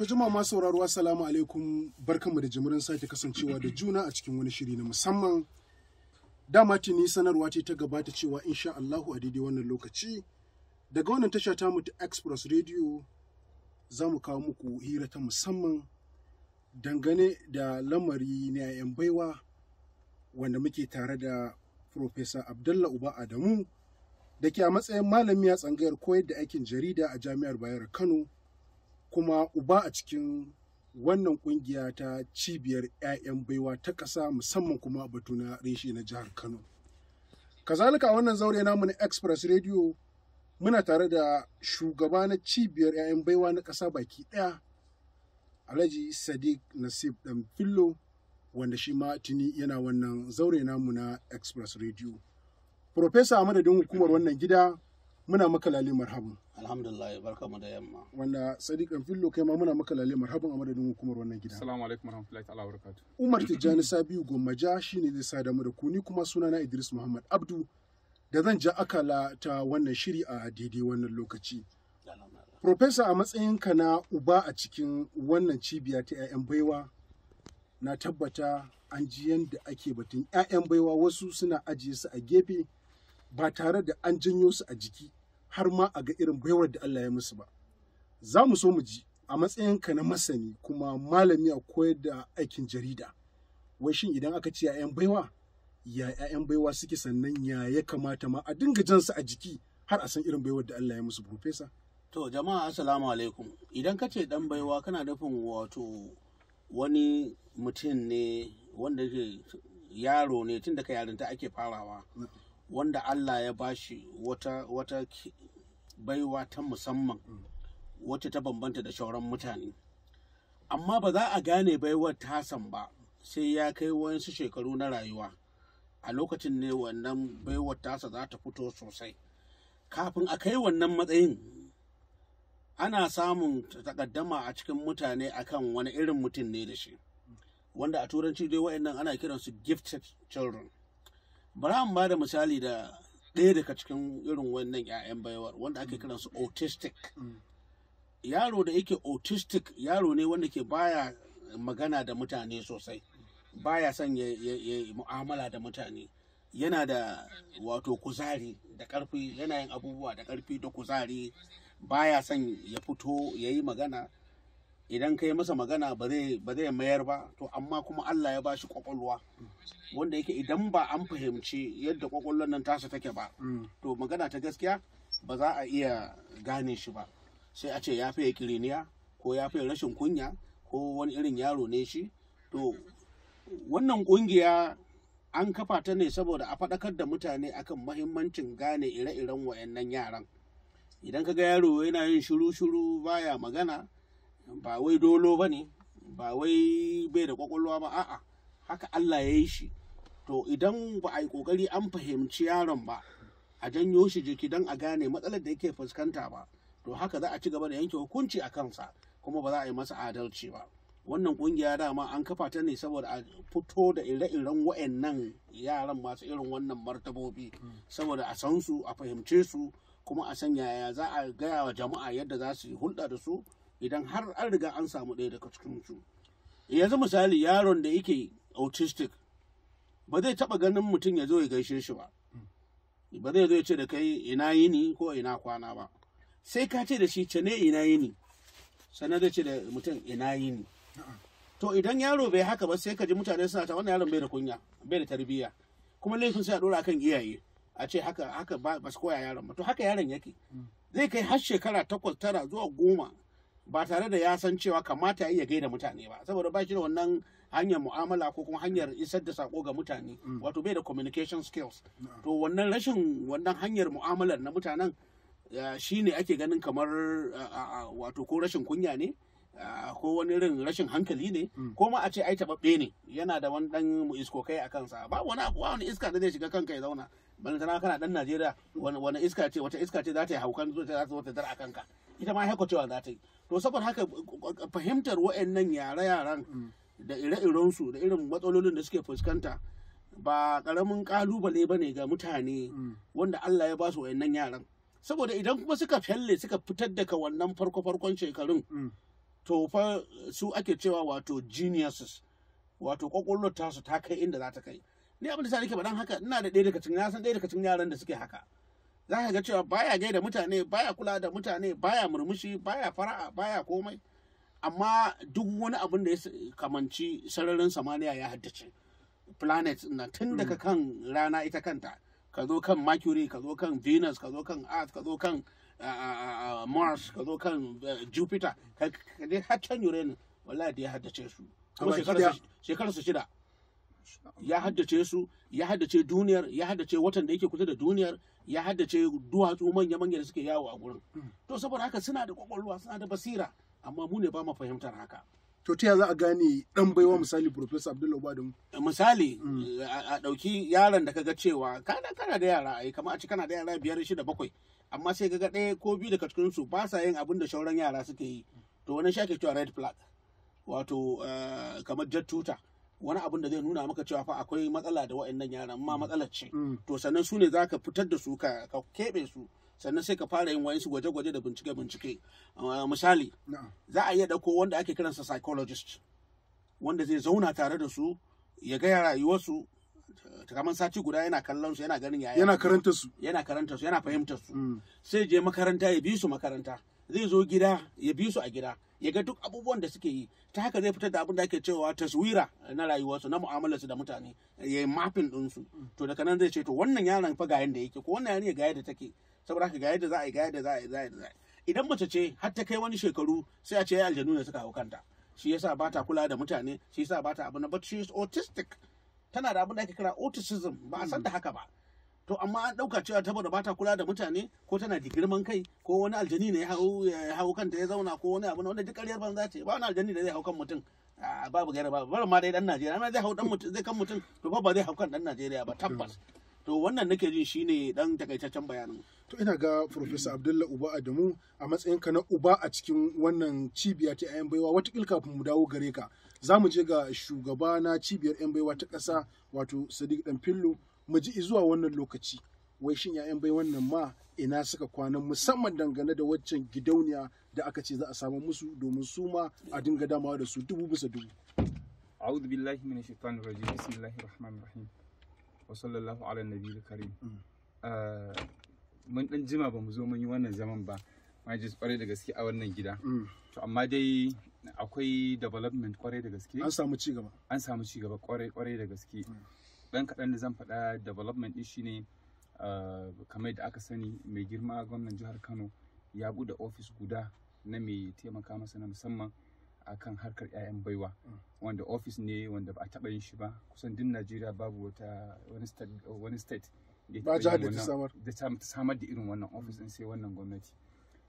To jima ma sauraro assalamu alaikum barkanmu da jimurin sake kasancewa da juna a cikin wani shiri na musamman. Dama tuni sanarwa ce ta gabata cewa insha Allahu a daidai wannan lokaci daga wannan tasha ta mu ta Express Radio za mu kawo muku hira ta musamman dangane da lamari na 'yan baiwa wanda muke tare da Profesa Abdalla Uba Adamu da ke a matsayin malami a tsangayar koyar da aikin jarida a Jami'ar Bayero Kano kuma uba a cikin wannan kungiya ta cibiyar 'ya'yan baiwa ta ƙasa musamman kuma batu na reshe na jihar kano kazalika a wannan zaure namu na express radio muna tare da shugaba na cibiyar 'ya'yan baiwa na ƙasa baki ɗaya alhaji sadiq nasib dan fillo wanda shi ma tuni yana wannan zaure namu na express radio Profesa a madadin hukumar wannan gida muna maka lalle marhaban alhamdulillah mu da yamma wanda sadiqan fillo kai ma muna maka lalle marhaban a madadin hukumar wannan gida assalamu alaikum warahmatullahi ta'ala wabarakatuh umar tijjani sabiu gommaja shine zai sada mu da ku ni kuma sunana idris muhammad abdu da zan ja akala ta wannan shiri a daidai wannan lokaci Profesa a matsayinka na uba a cikin wannan cibiya ta 'ya'yan baiwa na tabbata an ji yadda ake batun 'ya'yan baiwa wasu suna ajiye su a gefe ba tare da an janyo su a jiki har ma a ga irin baiwar da Allah ya musu ba. Za mu so mu ji a matsayin ka na masani kuma malami a koyar da aikin jarida. Wai shin idan aka ce 'ya'yan baiwa, ya 'ya'yan baiwa suke sannan ya ya kamata ma a dinga jan su a jiki har a san irin baiwar da Allah ya musu profesa. To jama'a assalamu alaikum. Idan ka ce dan baiwa kana nufin wato wani mutum ne wanda yaro ne tun ka yarinta ake farawa. wanda Allah ya bashi wata wata baiwa ta musamman mm. wacce ta bambanta da shauran mutane amma ba za a gane baiwar tasan ba sai ya kai wasu shekaru na rayuwa a lokacin ne wannan baiwar tasa za ta fito sosai kafin a kai wannan matsayin ana samun takaddama a cikin mutane akan wani irin mutum ne da shi mm. wanda a turanci dai wa'annan ana kiransu gifted children bari an ba da misali da ɗaya daga cikin irin wannan 'ya'yan baiwar wanda ake mm. su autistic mm. yaro da yake autistic yaro ne wanda ke baya magana da mutane sosai baya son ya mu'amala da mutane yana da wato kuzari da ƙarfi yana abubuwa da karfi da kuzari baya son ya fito ya yi magana idan ka yi masa magana ba zai mayar ba to amma kuma Allah ya bashi kwakwalwa wanda yake idan ba an fahimci yadda kwakwalwan nan tasa take ba mm. to magana ta gaskiya ba za a iya gane shi ba sai a ce ya fiye kiriniya ko ya fiye rashin kunya ko wani irin yaro ne shi to wannan kungiya an kafa ta ne saboda a faɗakar da mutane akan mahimmancin gane ire-iren wayannan yaran idan ka ga yaro yana yin shiru-shiru baya magana ba wai dolo ba ne ba wai bai da kwakwalwa ba a'a haka Allah ya yi shi to idan ba a yi kokari an fahimci yaron ba a janyo shi jiki don a gane matsalar da yake fuskanta ba to haka za a ci gaba da yanke hukunci a kansa kuma ba za a yi masa adalci ba wannan kungiya dama an kafa ta ne saboda a fito da ire-iren wa'annan yaran masu irin wannan martabobi saboda a san su a fahimce su kuma a san yaya za a gaya wa jama'a yadda za su hulɗa da su idan har an riga an samu ɗaya daga cikin su yanzu misali yaron da yake autistic ba zai taɓa ganin mutum ya zo ya gaishe shi ba ba zai zo ya ce da kai ina yini ko ina kwana ba sai ka ce da shi ce ne ina yini sannan zai ce da mutum ina yini to idan yaro bai haka ba sai ka ji mutane suna ta wannan yaron bai da kunya bai da tarbiyya kuma laifin sai a dora kan iyaye a ce haka haka ba su koya yaron ba to haka yaron yake zai kai har shekara takwas tara zuwa goma ba tare da ya san cewa kamata ya gaida mutane ba saboda ba shi da wannan hanyar mu'amala ko kuma hanyar isar da sako ga mutane mm. wato bai da communication skills to wannan rashin wannan hanyar mu'amalar na mutanen shi ne ake ganin kamar wato ko rashin kunya ne ko wani irin rashin hankali ne mm. ko ma a ce ai taɓaɓɓe ne yana da wani ɗan iskokai a kansa ba wani wani iska da zai shiga kanka ya zauna balantana kana ɗan najeriya wani iska ce wata iska ce za ta yi haukan zuwa ta zo ta dar a kanka ita ma cewa za ta yi to saboda haka fahimtar wa'annan yare yaran da ire iren su da irin matsalolin da suke fuskanta ba karamin kalubale ba ne ga mutane wanda Allah ya ba su wa'annan yaran saboda idan kuma suka fyalle suka fitar daga wannan farko-farkon shekarun to fa su ake cewa wato geniuses wato kwakwalwar tasu ta kai inda za ta kai ni abin da sa nake ba dan haka ina da ɗaya daga ɗaya daga cikin yaran da suke haka za ka ga cewa baya da mutane baya kula da mutane baya murmushi baya fara'a baya komai amma duk wani abin da ya kamanci sararin samaniya ya haddace planet na tun daga hmm. kan rana ita kanta ka zo kan mercury ka zo kan venus ka zo kan earth ka zo kan mars ka zo kan eh, jupiter ka dai haccan uranus wallahi da ya haddace su shekarar su shida ya haddace su ya haddace duniyar ya haddace watan da yake kusa da duniyar ya haddace duwatsu manya-manya da suke yawo a gurin hmm. to saboda haka suna da kwakwalwa suna da basira amma mu ne ba mu fahimtar haka to ta za a gane dan baiwa misali professor abdullahi badin misali hmm. eh, a dauki yaron da kaga cewa kana kana da yara ai kamar a ci kana da yara biyar shida bakwai amma sai kaga ɗaya ko biyu daga cikin su ba sa yin abin da shauran yara suke yi to wani ake cewa red flag wato eh, kamar jet tuta wani abun da zai nuna maka cewa fa akwai matsala da wa'annan yaran ma mm. matsala ce mm. to sannan su ne za ka fitar da su ka keɓe su sannan sai ka fara yin wayansu gwaje-gwaje da bincike-bincike mm. ah, misali za a iya ɗauko wanda ake kiransa psychologist wanda zai zauna tare da su ya gaya rayuwarsu kamar sati guda yana kallon su yana ganin yaya yana karanta su yana karanta su yana fahimta su mm. sai je makaranta ya bi su makaranta zai zo gida ya bi su a gida ya ga duk abubuwan da suke yi ta haka zai fitar da abin da ake cewa taswira na rayuwarsu na mu'amalarsu da mutane ya yi mafin ɗinsu to daga nan zai ce to wannan yaron fa ga yadda yake ko wannan yarinya ga yadda take saboda haka ga yadda za a yi ga yadda za a yi za a yi idan mace ce har ta kai wani shekaru sai a ce ya aljanu ne suka hau kanta shi yasa ba ta kula da mutane shi yasa ba ta abu na but she is autistic tana da abin da ake kira autism ba a san da hmm. haka ba to amma an ɗauka cewa ta bada bata kula da mutane ko tana da girman kai ko wani aljani ne ya hau kanta ya zauna ko wani abu wanda duk ƙaryar banza ce ba wani aljani da zai hau kan mutum babu gaira babu bar ma dai dan Najeriya amma zai hau dan mutum zai kan mutum to fa ba zai hau kan dan Najeriya ba tabbas to wannan nake jin shine dan takaitaccen bayanin to ina ga Professor Abdullah Uba Adamu a matsayin ka na uba a cikin wannan cibiya ta ayyan baiwa wata kafin mu dawo gare ka za mu je ga shugaba na cibiyar 'yan baiwa ta ƙasa wato sadiq dan fillo mu ji zuwa wannan lokaci wai shin 'yan bai wannan ma ina suka kwana musamman dangane da waccan gidauniya da aka ce za a samu musu domin su ma a dinga damawa da su dubu bisa dubu a'udhu billahi minash shaitanir rajim bismillahir rahmanir rahim wa sallallahu ala nabiyil karim mm. ah, mun dan jima ba mu zo mun yi wannan zaman ba ma ji kwarai da gaske a wannan gida mm. to amma dai akwai development kwarai da gaske an samu ci gaba. an samu ci gaba kwarai da gaske mm. dan kaɗan da zan faɗa development din shine ah, kamar da aka sani mai girma gwamnan jihar kano ya buɗe ofis guda na mai taimaka masa na musamman akan harkar 'ya'yan baiwa mm. wanda ofis ne wanda ba a taɓa yin shi ba kusan duk najeriya babu wata wani state ba da ta samar da irin wannan ofis din mm. sai wannan gwamnati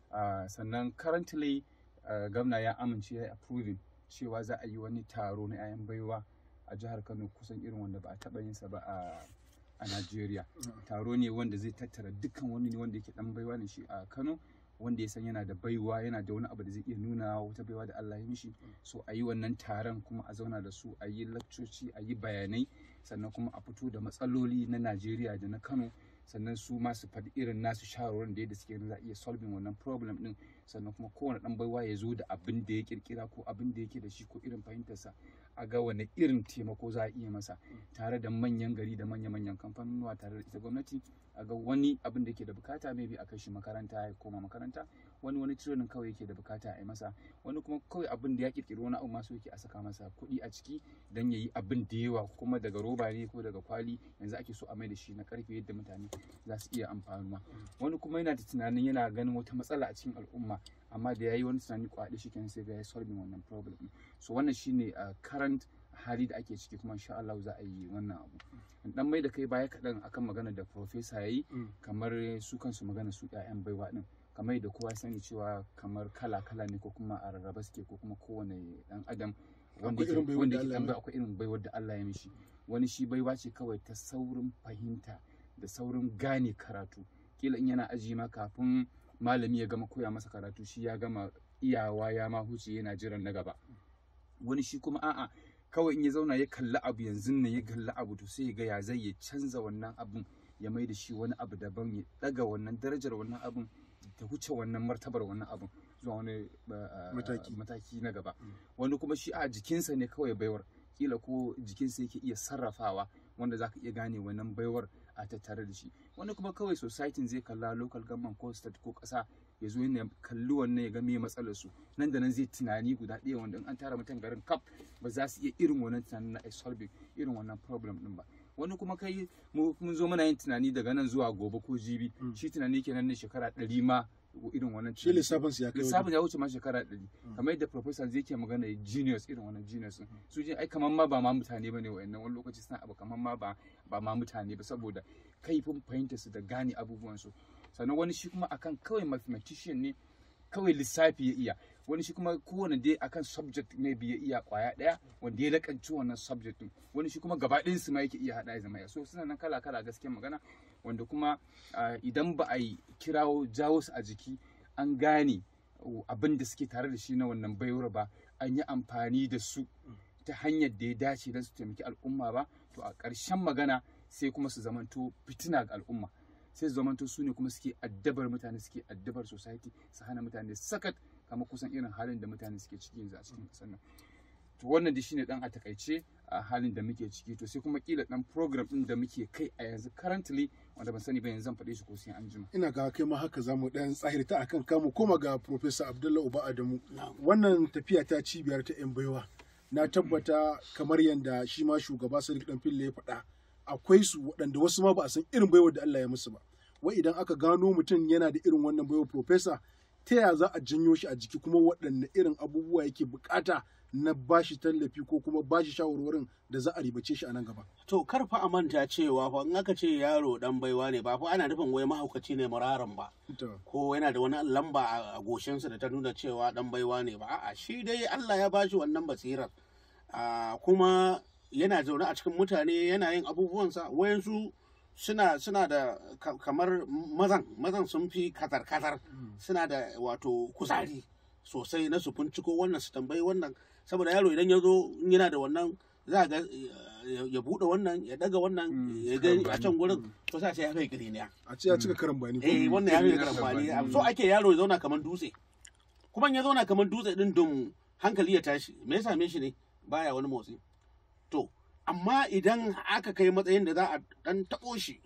ah, sannan currently Eh, gwamna ya amince ya approving cewa za a yi wani taro na 'ya'yan baiwa a jihar kano kusan irin wanda ba a taba yin sa ba a a Najeriya. Taro ne wanda zai tattara dukkan wani ne wanda yake dan baiwa ne shi a Kano wanda ya san yana da baiwa yana da wani abu da zai iya nuna wata baiwa da Allah ya mishi so a yi wannan taron kuma a zauna da su a yi lakcoci a yi bayanai sannan kuma a fito da matsaloli na Najeriya da na Kano sannan su ma su faɗi irin nasu shawarwarin da yadda suke za a iya solving wannan problem din sannan kuma kowane dan baiwa ya zo da abin da ya kirkira ko abin da yake da shi ko irin fahimtarsa a ga wani irin taimako za a iya masa tare da manyan gari da manya-manyan kamfanonuwa tare da ita gwamnati a ga wani abin da yake da bukata bi a kai shi makaranta ya koma makaranta wani wani training kawai yake da bukata a yi masa wani kuma kawai abin da ya kirkiri wani abu masu yake a saka masa kuɗi a ciki don ya yi abin da yawa kuma daga roba ne ko daga kwali yanzu ake so a mai da shi na karfe yadda mutane za su iya amfanuwa wani kuma yana da tunanin yana ganin wata matsala a cikin al'umma amma da yayi wani tunani ko shi shikenan sai ga ya solving wannan problem so wannan shine a uh, current hali da ake ciki kuma insha Allah za a yi wannan abu dan mai da kai baya kaɗan akan magana da professor yayi mm. kamar su kansu magana su ƴaƴan baiwa din kamar da kowa sani cewa kamar kala kala ne ko kuma a rarraba suke ko kuma kowane dan adam wanda yake dan bai akwai irin baiwar da Allah ya mishi wani shi baiwa ce kawai ta saurin fahimta da saurin gane karatu kila in yana aji ma kafin malami ya gama koya masa karatu shi ya gama iyawa ya ma huce yana jiran na gaba wani shi kuma a'a kawai in ya zauna ya kalli abu yanzu ne ya kalli abu to sai ya ga ya zai ya canza wannan abun ya mai da shi wani abu daban ya daga wannan darajar wannan abun ta huce wannan martabar wannan abun zuwa wani mataki na gaba mm. wani kuma shi a jikinsa ne kawai baiwar kila ko jikinsa yake iya sarrafawa wanda zaka iya gane wannan baiwar a tattare da shi wani kuma kawai society zai kalla local government ko state ko kasa ya zo ne kalli wannan ya ga me matsalar su nan da nan zai tunani guda ɗaya wanda an tara mutan garin kaf ba za su iya irin wannan tunanin na solve irin wannan problem din ba wani kuma kai mun zo muna yin tunani daga nan zuwa gobe ko jibi mm. shi tunani kenan ne shekara ɗari ma irin wannan ciki. lissafin ya kai lissafin ya wuce ma shekara ɗari hmm. kamar yadda professor zai ke magana genius irin wannan genius hmm. su ji ai kamar ma ba ma mutane bane wayannan wani lokaci suna abu kamar ma ba ba ma mutane ba saboda kaifin fahimtar su da gane abubuwan su sannan wani shi kuma akan kawai mathematician ne kawai lissafi ya iya wani shi kuma kowane dai akan subject ne biya iya kwaya daya wanda ya lakanci wannan subject din wani shi kuma gaba ɗayan su ma yake iya hada ya zama ya so suna nan kala kala gaske magana wanda kuma idan ba a yi kirawo jawo su a jiki an gane uh, abin da suke tare da shi na wannan baiwar ba an yi amfani da su ta hanyar da ya dace don su taimaki al'umma ba to a ƙarshen magana sai kuma su zamanto fitina ga al'umma sai su zamanto su ne kuma suke addabar mutane suke addabar society su hana mutane sakat kama kusan irin halin da mutane suke ciki yanzu a cikin ƙasar nan to wannan da shine dan a takaice a halin da muke ciki to sai kuma kila dan program din da muke kai a yanzu currently wanda ban sani ba yanzu zan faɗe shi ko sai an jima ina ga kai ma haka zamu dan tsahirta akan kamu koma ga professor Abdullahi Uba Adamu wannan tafiya ta cibiyar ta yan baiwa na tabbata kamar yanda shi ma shugaba Sadiq fille ya faɗa akwai su waɗanda wasu ma ba a san irin baiwar da Allah ya musu ba wai idan aka gano mutum yana da irin wannan baiwar professor ta yaya za a janyo shi a jiki kuma waɗanne irin abubuwa yake bukata na bashi tallafi ko kuma bashi shawarwarin da za a ribace shi a nan gaba. To karfa a manta cewa fa in aka ce yaro dan baiwa ne ba fa ana nufin wai mahaukaci ne muraran ba. Ko yana da wani lamba a goshinsa da ta nuna cewa dan baiwa ne ba a'a shi dai Allah ya bashi wannan basirar. Ah, kuma yana zaune a cikin mutane yana yin abubuwansa wayansu suna suna da kamar mazan mazan sun fi katar katar suna da wato kuzari sosai na su ciko wannan su tambayi wannan saboda yaro idan ya zo yana da wannan za ga ya bude wannan ya daga wannan mm, ya ga a can gurin mm. to sai ya kai kiriniya a ce ya cika karambani eh wannan ya kai karambani mm. so ake yaro ya zauna kamar dutse kuma ya zauna kamar dutse din dum hankali ya tashi me ya same shi ne baya wani motsi to amma idan aka kai matsayin da za a dan taɓo shi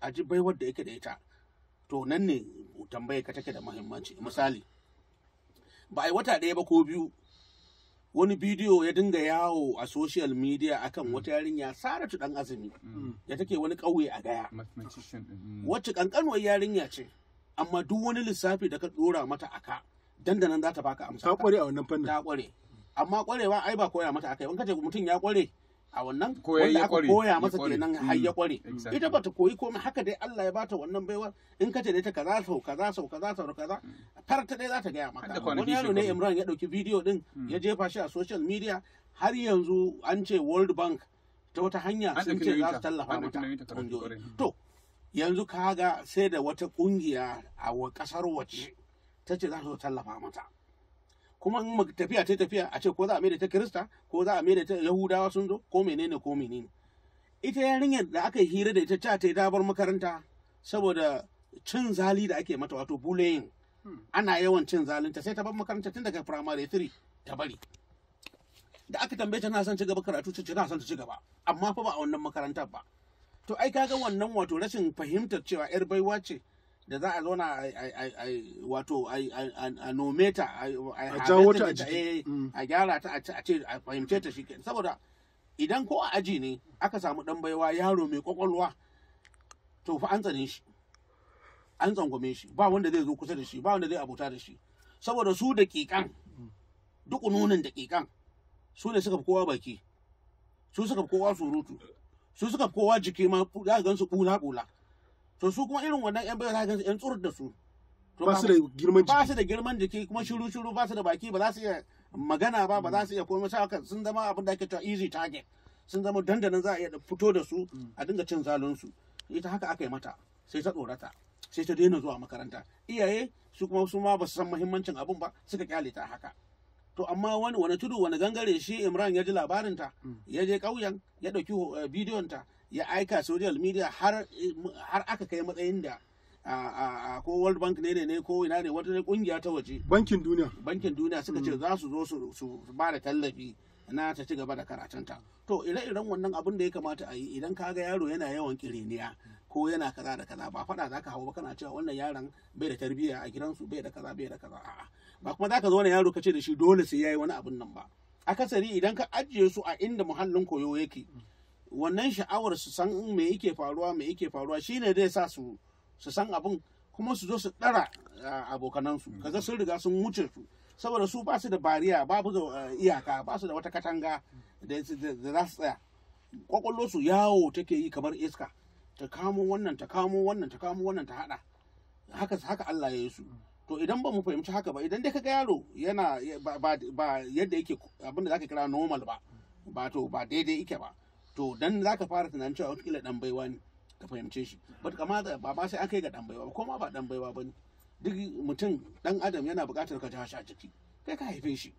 a ji baiwar da yake da ita to nan ne tambayar ka take da muhimmanci misali ba a yi wata ɗaya ba ko biyu wani bidiyo ya dinga yawo a social media akan mm. wata yarinya saratu dan azumi mm. da take wani ƙauye a gaya mm. wacce kankanuwar yarinya ce amma duk wani lissafi da ka dora mata aka dandanan za ta baka amsa ta kware a wannan fannin ta kware amma kwarewa ai ba koya mata akai in ce mutum ya kware a wannan wanda aka koya masa kenan har mm, ya kware ita bata koyi komai haka dai Allah ya bata wannan baiwar in ka ce dai ta kaza sau kaza sau kaza sau kaza mm. ta dai za ta gaya maka wani yaro ne Imran ya dauki bidiyo din mm. ya jefa shi a social media har yanzu an ce World Bank ta wata hanya sun ce za su tallafa mata to yanzu kaga sai da wata kungiya a kasar waje ta ce za su tallafa mata kuma in tafiya ta tafiya a ce ko za a da ta kirista ko za a da ta yahudawa sun zo ko menene ko menene ita yarinyar da aka yi hira da ita ta ta dabar makaranta saboda cin zali da ake mata wato bullying hmm. ana yawan cin zalinta sai ta bar makaranta tun daga primary 3 ta bari da aka tambaye ta na son ci gaba karatu ce ce na san ta ci gaba amma fa ba a wannan makarantar ba to ai kaga wannan wato rashin fahimtar cewa yar baiwa ce da za a zo na wato a nome ta a jawo ta eh, mm. a gyara ta a ce a fahimce ta shi saboda idan ko a aji ne aka samu dan baiwa yaro mai kwakwalwa to fa an tsane shi an tsangwame shi ba wanda zai zo kusa da shi ba wanda zai abota da shi saboda su da kikan duk nunin da kikan su ne suka fi kowa baki su suka fi kowa surutu su suka fi kowa jiki ma za ka gan su kula kula to su kuma irin wannan yan bayan yan tsurur da su ba su da girman jiki ba su da girman jiki kuma shiru shiru ba su da baki ba za su iya magana ba ba za su iya komai sai haka sun zama abin da ake cewa easy target sun zama dandanan za a iya fito da su a dinga cin zalun su ita haka aka yi mata sai ta tsorata sai ta daina zuwa makaranta iyaye su kuma su ma ba su san muhimmancin abun ba suka kyale ta haka to amma wani wani tudu wani gangare shi Imran ya ji labarinta mm. ya je ƙauyen ya ɗauki eh, bidiyon ta ya aika social media har aka kai matsayin da ko world bank ne ne ko ina ne wata kungiya ta waje bankin duniya bankin duniya suka ce hmm. za su zo su ba da tallafi na ta ci gaba da karatunta to ire-iren wannan abin da ya kamata a yi idan ka ga yaro yana yawan kiriniya ko yana kaza da kaza ba fada zaka hau ba kana cewa wannan yaron bai da tarbiyya a gidansu bai da kaza bai da kaza a'a ba kuma zaka zo wani yaro ka ce da shi dole sai yayi wani abun nan ba akasari idan ka ajiye su a inda muhallin koyo yake wannan sha'awar su san me yake faruwa me yake faruwa shine zai sa su san abin kuma su zo su ɗara abokanansu kaga sun riga sun wuce su saboda su ba su da bariya babu da eh, iyaka ba su da wata katanga da za su tsaya kwakwallo su yawo take yi kamar iska ta kamo wannan ta kamo wannan ta kamo wannan ta hada haka haka Allah ya yi su to idan ba mu fahimci haka ba idan dai kaga yaro yana ba yadda yake abinda zaka kira normal ba ba to ba daidai yake ba to dan ka fara tunanin cewa wata dan baiwa ne ka fahimce shi ba kamata ba ba sai an kai ga dan baiwa ko ma ba dan baiwa ne duk mutum dan adam yana buƙatar ka jawo shi a jiki kai ka haife shi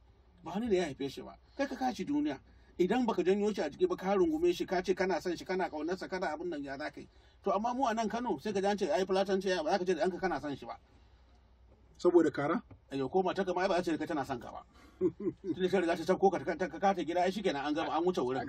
ba wani ne ya haife shi ba kai ka kaci duniya idan baka janyo shi a jiki ba ka rungume shi ka ce kana son shi kana kaunarsa kana abin nan ya za to amma mu a nan Kano sai ka ji an ce ai fulatan ce ba za ka ce da ka kana son shi ba saboda kara ayo koma mata kama ba a ce ka tana son ka ba tun ta riga ta tafko ta ta gida ai na an gama an wuce wurin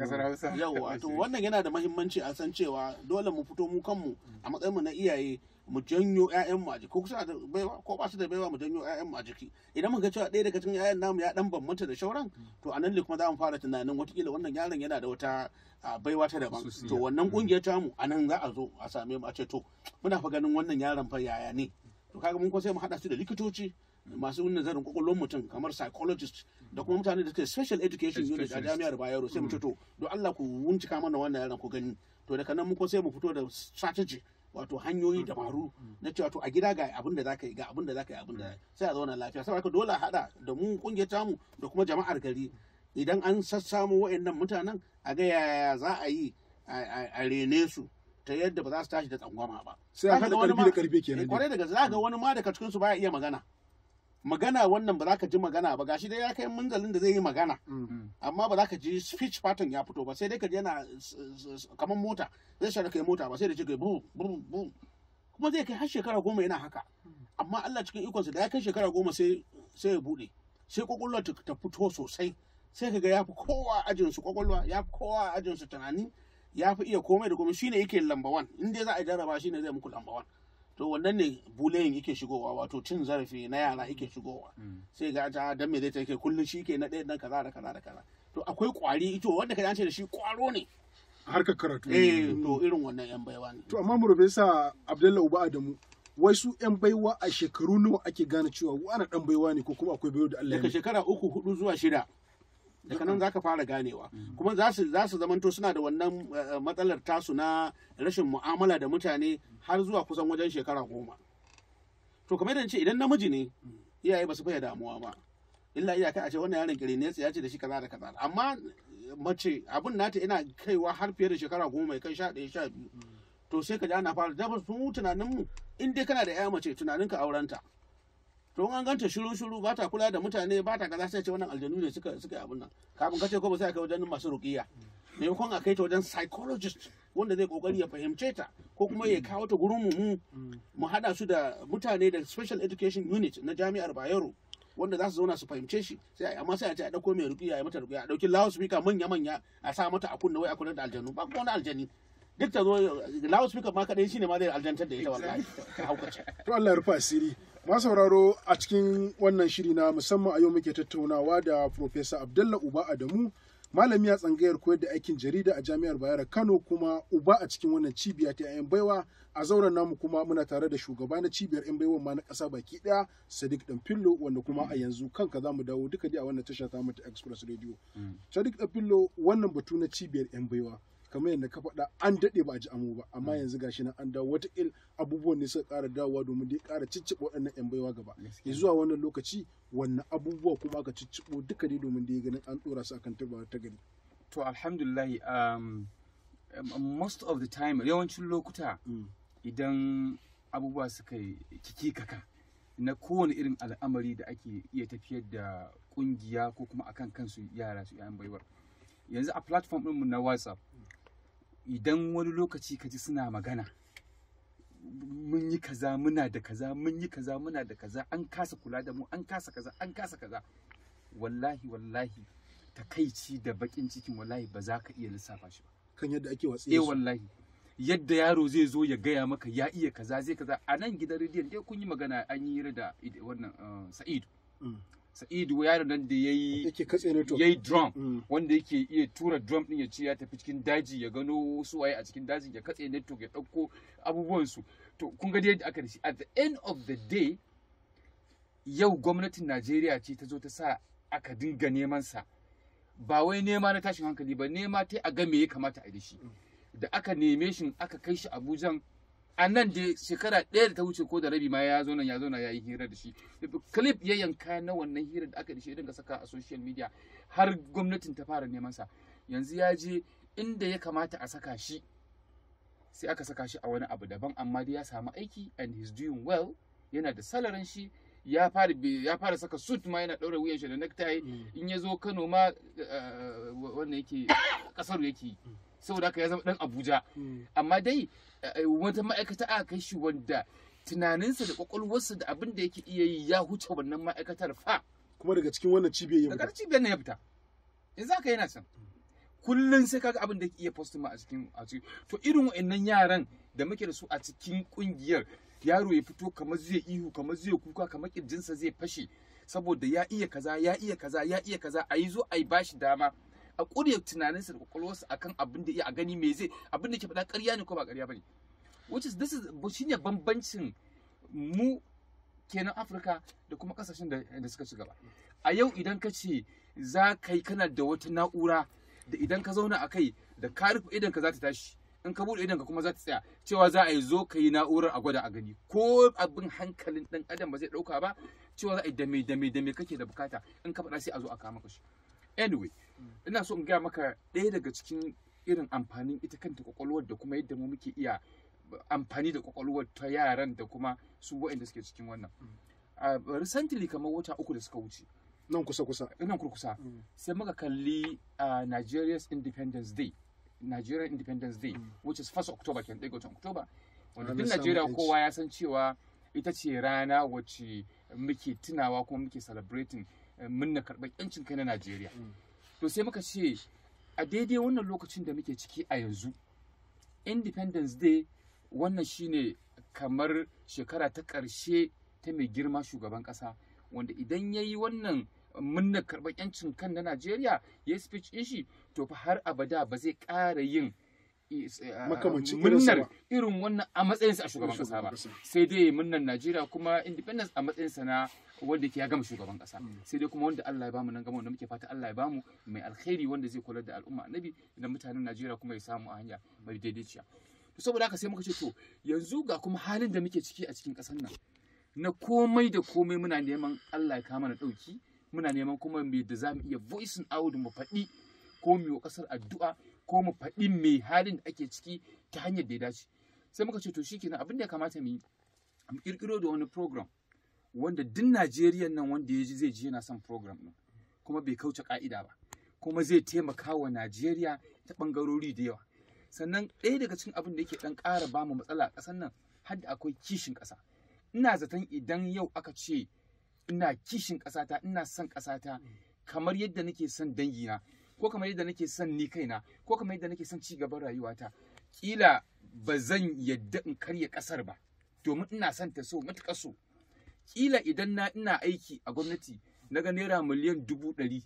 yawa to wannan yana da mahimmanci a san cewa dole mu fito mu kanmu a matsayin mu na iyaye mu janyo ƴaƴan mu ko kusa da baiwa ko ba su da baiwa mu janyo ƴaƴan mu a jiki idan muka cewa ɗaya daga cikin ƴaƴan namu ya dan bambanta da shauran to a nan ne kuma za mu fara tunanin watakila wannan yaron yana da wata baiwa ta daban to wannan kungiyar mm. tamu a nan za a zo a same mu a ce to muna fa ganin wannan yaron fa yaya ne to kaga mun kuma mu hada su da likitoci masu nazarin kwakwalwar mutum kamar psychologist da kuma mutane da suke special education unit a jami'ar bayero sai mu mm. ce to don allah ku wuncika mana wannan yaran ku gani to da nan mun kuma mu fito da strategy wato hanyoyi mm. dabaru mm. na cewa to a gida ga abin da zaka yi ga abin da zaka yi abin da sai a zauna lafiya saboda dole a hada da mu kungiyar mu da kuma jama'ar gari idan an sassamu wa'annan mutanen a ga yaya za a yi a rene su ta yadda ba za su tashi da tsangwama ba sai a kada ƙarfi da ƙarfi kenan kwarai eh, daga za ga wani ma daga cikin su baya iya magana magana wannan ba za ka ji magana ba gashi dai ya kai munzalin da zai yi magana mm-hmm. amma ba za ka ji speech pattern ya fito ba sai dai ka ji yana kamar mota zai shara kai mota ba sai da ji bu bu bu kuma zai kai har shekara goma yana haka amma Allah cikin ikon ikonsa da ya kai shekara goma sai sai ya bude sai kwakwalwa ta fito sosai sai ka ga ya fi kowa ajinsu kwakwalwa ya fi kowa ajinsu tunani ya fi iya komai da komai shine yake number wan in dai za a jarraba shine zai muku number wan to wannan ne bulayin yake shigowa wato cin zarafi na yara yake shigowa hmm. sai ga ta dan me zai take kullun shi ke na ɗaya dan kaza da kaza da kaza to akwai kwari ito wanda ka dace da shi kwaro ne harkar karatu eh to irin wannan yan baiwa ne to amma murabisa abdullahi uba adamu wai su yan baiwa a shekaru nawa ake gane cewa ana dan baiwa ne ko kuma akwai baiwa da Allah Daga shekara uku hudu zuwa shida daga nan za ka fara ganewa mm. kuma za su zamanto suna da wannan eh, matsalar tasu na rashin mu'amala da mutane har zuwa kusan wajen shekara goma to kamar yadda ce idan namiji ne mm. iyaye ba su faya damuwa ba illa iyaka a ce wannan yaron kire ne ya ce da shi kaza da kaza amma eh, mace abin nata ina kaiwa har fiye da shekara goma mai kai sha ɗaya sha biyu mm. to sai ka ji ana fara da su tunaninmu in dai kana da 'ya mace tunaninka aurenta to an ganta shiru shiru ba ta kula da mutane ba ta kaza sai ce wannan aljanu ne suka suka abun nan kafin kace ko ba sai kai wajen masu ruqiya maimakon a kai ta wajen psychologist wanda zai kokari ya fahimce ta ko kuma ya kawo ta gurin mu mu hada su da mutane da special education unit na jami'ar Bayero wanda za su zauna su fahimce shi sai amma sai a ce a dauko mai ruqiya ya mata ruqiya a dauki loudspeaker manya manya a sa mata a kunna wai a kunna da aljanu ba kuma wani aljani duk ta zo loudspeaker ma kadai shine ma zai aljantar da ita wallahi ta ce to Allah ya rufa asiri sauraro a cikin wannan shiri na musamman a yau muke tattaunawa da Profesa Abdalla Uba Adamu malami a tsangayar koyar da aikin jarida a jami'ar Bayero Kano kuma uba a cikin wannan cibiya ta 'yan baiwa a zauren namu kuma muna tare da shugaba na cibiyar 'yan baiwa ma na ƙasa baki ɗaya Sadiq Danfillo wanda kuma a yanzu kanka za mu dawo duka dai a wannan tasha ta mata Express Radio. Mm. Sadiq Danfillo wannan batu na cibiyar 'yan baiwa kamar yadda ka faɗa an daɗe ba a ji amu ba amma yanzu gashi nan an dawo wataƙil abubuwan ne suka ƙara dawowa domin dai ƙara cicciɓa waɗannan 'yan baiwa gaba ya zuwa wannan lokaci wannan abubuwa kuma aka cicciɓo duka ne domin dai ganin an ɗora su akan tabbatar ta gari. to alhamdulillah um, um, most of the time yawancin lokuta mm. idan abubuwa suka kiki kaka na kowane irin al'amari da ake iya tafiyar da kungiya ko kuma akan kansu yara su 'yan baiwar yanzu a platform ɗinmu na whatsapp idan wani lokaci ka ji suna magana mun yi kaza muna da kaza mun yi kaza muna da kaza an kasa kula da mu an kasa kaza an kasa kaza wallahi wallahi takaici da bakin cikin wallahi ba za ka iya lissafa shi ba kan yadda ake watsi eh wallahi yadda yaro zai zo ya gaya maka ya iya kaza zai kaza a nan gidan rediyon dai kun yi magana an yi da wannan eh, sa'id mm. sa'idu da nan da ya yi drum mm. wanda yake iya tura drum din ya ce ya tafi cikin daji ya gano su waye a cikin daji ya katse network ya ɗauko abubuwansu to kun ga yadda aka da at the end of the day yau gwamnatin najeriya ce ta zo ta sa aka dinga neman sa ba wai nema na tashin hankali ba nema ta a ga me ya kamata a da shi mm. da aka neme shi aka kai shi abuja. a nan da shekara ɗaya da ta wuce ko da rabi ma ya zo nan ya zo nan ya yi hira da shi clip ya yanka na wannan hira da aka da shi dinga saka a social media har gwamnatin ta fara neman sa yanzu ya je inda ya kamata a saka shi sai aka saka shi a wani abu daban amma dai ya samu aiki and he's doing well yana da salarin shi ya fara ya fara saka suit ma yana daura wuyan shi da necktie mm. in ya zo Kano ma eh, eh, wannan yake kasar yake mm. saboda haka ya zama dan abuja hmm. amma dai eh, wata ma'aikata aka kai shi wanda tunaninsa da kwakwalwarsa da abin da yake iya yi ya huce wannan ma'aikatar fa kuma daga cikin wannan cibiyar ya fita daga cibiyar ya fita in za ka yana can kullum sai kaga abin da yake iya postuma a cikin a cikin to irin wa'annan yaran da muke da su a cikin kungiyar yaro ya fito kamar zai ihu kamar zai kuka kamar kirjinsa zai fashe saboda ya iya kaza ya iya kaza ya iya kaza a yi zo a yi bashi dama a ƙure tunaninsa da kwakwalwarsa akan abin da a gani me zai abin da ke faɗa ƙarya ne ko ba ƙarya bane which is this is shine bambancin mu kenan Afirka da kuma kasashen da suka ci gaba a yau idan ka ce za ka yi kana da wata na'ura da idan ka zauna a kai da ka rufe idan ka za ta tashi in ka bude idan ka kuma za ta tsaya cewa za a yi zo ka yi na'urar a gwada a gani ko abin hankalin ɗan adam ba zai dauka ba cewa za a yi dame dame dame kake da bukata in ka faɗa sai a zo a kama ka shi anyway ina so in gaya maka ɗaya daga cikin irin amfanin ita kanta kwakwalwar da kuma yadda mu muke iya amfani da kwakwalwar ta yaran da kuma su wa'inda suke cikin wannan mm. recently kamar wata uku da suka wuce nan kusa kusa nan kurkusa mm. sai muka kalli Nigeria's Independence Day Nigerian Independence Day mm. which is 1st October kenan daga watan October wanda ah, duk Najeriya kowa ya san cewa ita ce rana wacce muke tunawa kuma muke celebrating eh, munna karɓar 'yancin kai na Najeriya. to sai muka ce a daidai wannan lokacin da muke ciki a yanzu independence day wannan shine kamar shekara ta ƙarshe ta mai girma shugaban kasa wanda idan ya yi wannan munna karɓar yancin kan na najeriya ya yi speech in shi to fa har abada ba zai ƙara yin munnar irin wannan a matsayinsa a shugaban ƙasa ba sai dai munnar najeriya kuma independence a matsayinsa na wanda yake ya gama shugaban kasa mm. sai dai kuma wanda Allah ya bamu nan gama wanda muke fata Allah ya bamu mai alkhairi wanda zai kula da al'umma annabi da mutanen Najeriya kuma ya samu a hanya mai daidaiciya to saboda haka sai muka ce to yanzu ga kuma halin da muke ciki a cikin kasar nan na komai da komai muna neman Allah ya kama na dauki muna neman kuma me da zamu iya voicing out mu faɗi ko mu yi kasar addu'a ko mu faɗi me halin da ake ciki ta hanyar da ya dace sai muka ce to shikenan abin da ya kamata mu yi mu kirkiro da wani program wanda duk Najeriyan nan wanda ya ji zai ji yana son program ɗin kuma bai kauce ka'ida ba kuma zai taimaka wa Najeriya ta ɓangarori da yawa sannan ɗaya daga cikin abin da yake ɗan ƙara ba mu matsala a ƙasar nan har da akwai kishin ƙasa ina zaton idan yau aka ce ina kishin ƙasata ina son ƙasata kamar yadda nake son na ko kamar yadda nake son ni kaina ko kamar yadda nake son ci gaban rayuwata kila ba zan yadda in karya ƙasar ba domin ina son ta so matuƙar so kila idan na ina aiki a gwamnati na ga naira miliyan dubu ɗari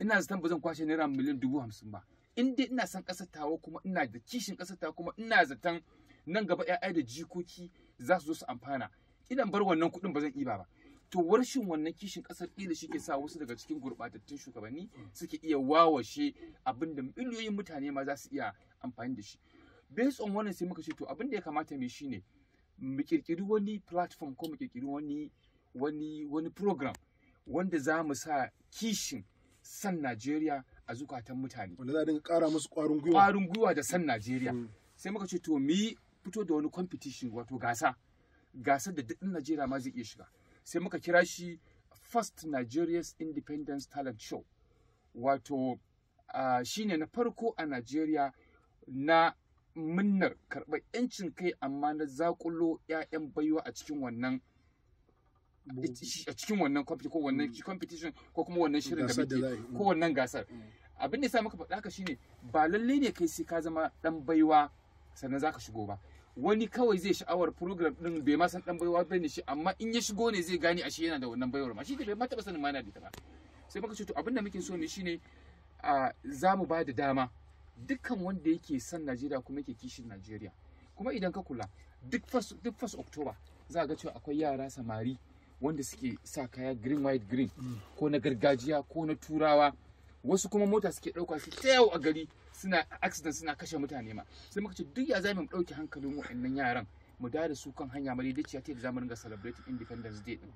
ina zaton ba zan kwashe naira miliyan dubu hamsin ba in dai ina san ƙasar tawa kuma ina da kishin ƙasar tawa kuma ina zaton nan gaba 'ya'ya da jikoki za su zo su amfana idan bar wannan kuɗin ba zan iba ba to warshin wannan kishin ƙasar ƙila shi ke sa wasu daga cikin gurɓatattun shugabanni suke iya wawashe abin da miliyoyin mutane ma za su iya amfani da shi based on wannan sai muka ce to abin da ya kamata mai ne mu kirkiri wani platform ko mu kirkiri wani wani wani program wanda za mu sa kishin san Najeriya a zukatan mutane wanda za dinga ƙara musu ƙwarin gwiwa ƙwarin gwiwa da san Najeriya mm. sai muka ce to mu fito da wani competition wato gasa gasar da duk Najeriya ma zai iya shiga sai muka kira shi First Nigeria's Independence Talent Show wato uh, shine na farko a Najeriya na munnar karɓar 'yancin kai amma na zaƙulo 'ya'yan baiwa a cikin wannan a cikin wannan ko wannan mm. competition ko kuma wannan shirin da muke ko wannan gasar mm. abin da ya sa muka faɗa haka shine ba lalle ne kai sai ka zama dan baiwa sannan zaka shigo ba wani kawai zai sha'awar program din bai ma san dan baiwa bane shi amma in ya shigo ne zai gane ashe yana da wannan baiwar ma shi da bai ma taba sanin ma da ita ba sai muka ce to abin da muke so ne shine a za mu ba da dama dukkan wanda yake son Najeriya kuma yake kishin Najeriya kuma idan ka kula duk first duk first October za ga cewa akwai yara samari wanda suke sa kaya green white green ko na gargajiya ko na turawa wasu kuma mota suke ɗauka su ta a gari suna accident suna kashe mutane ma sai muka ce duk ya zai mu ɗauki hankalin waɗannan yaran mu da da su kan hanya Mali da ta da zamanin ga celebrating independence day din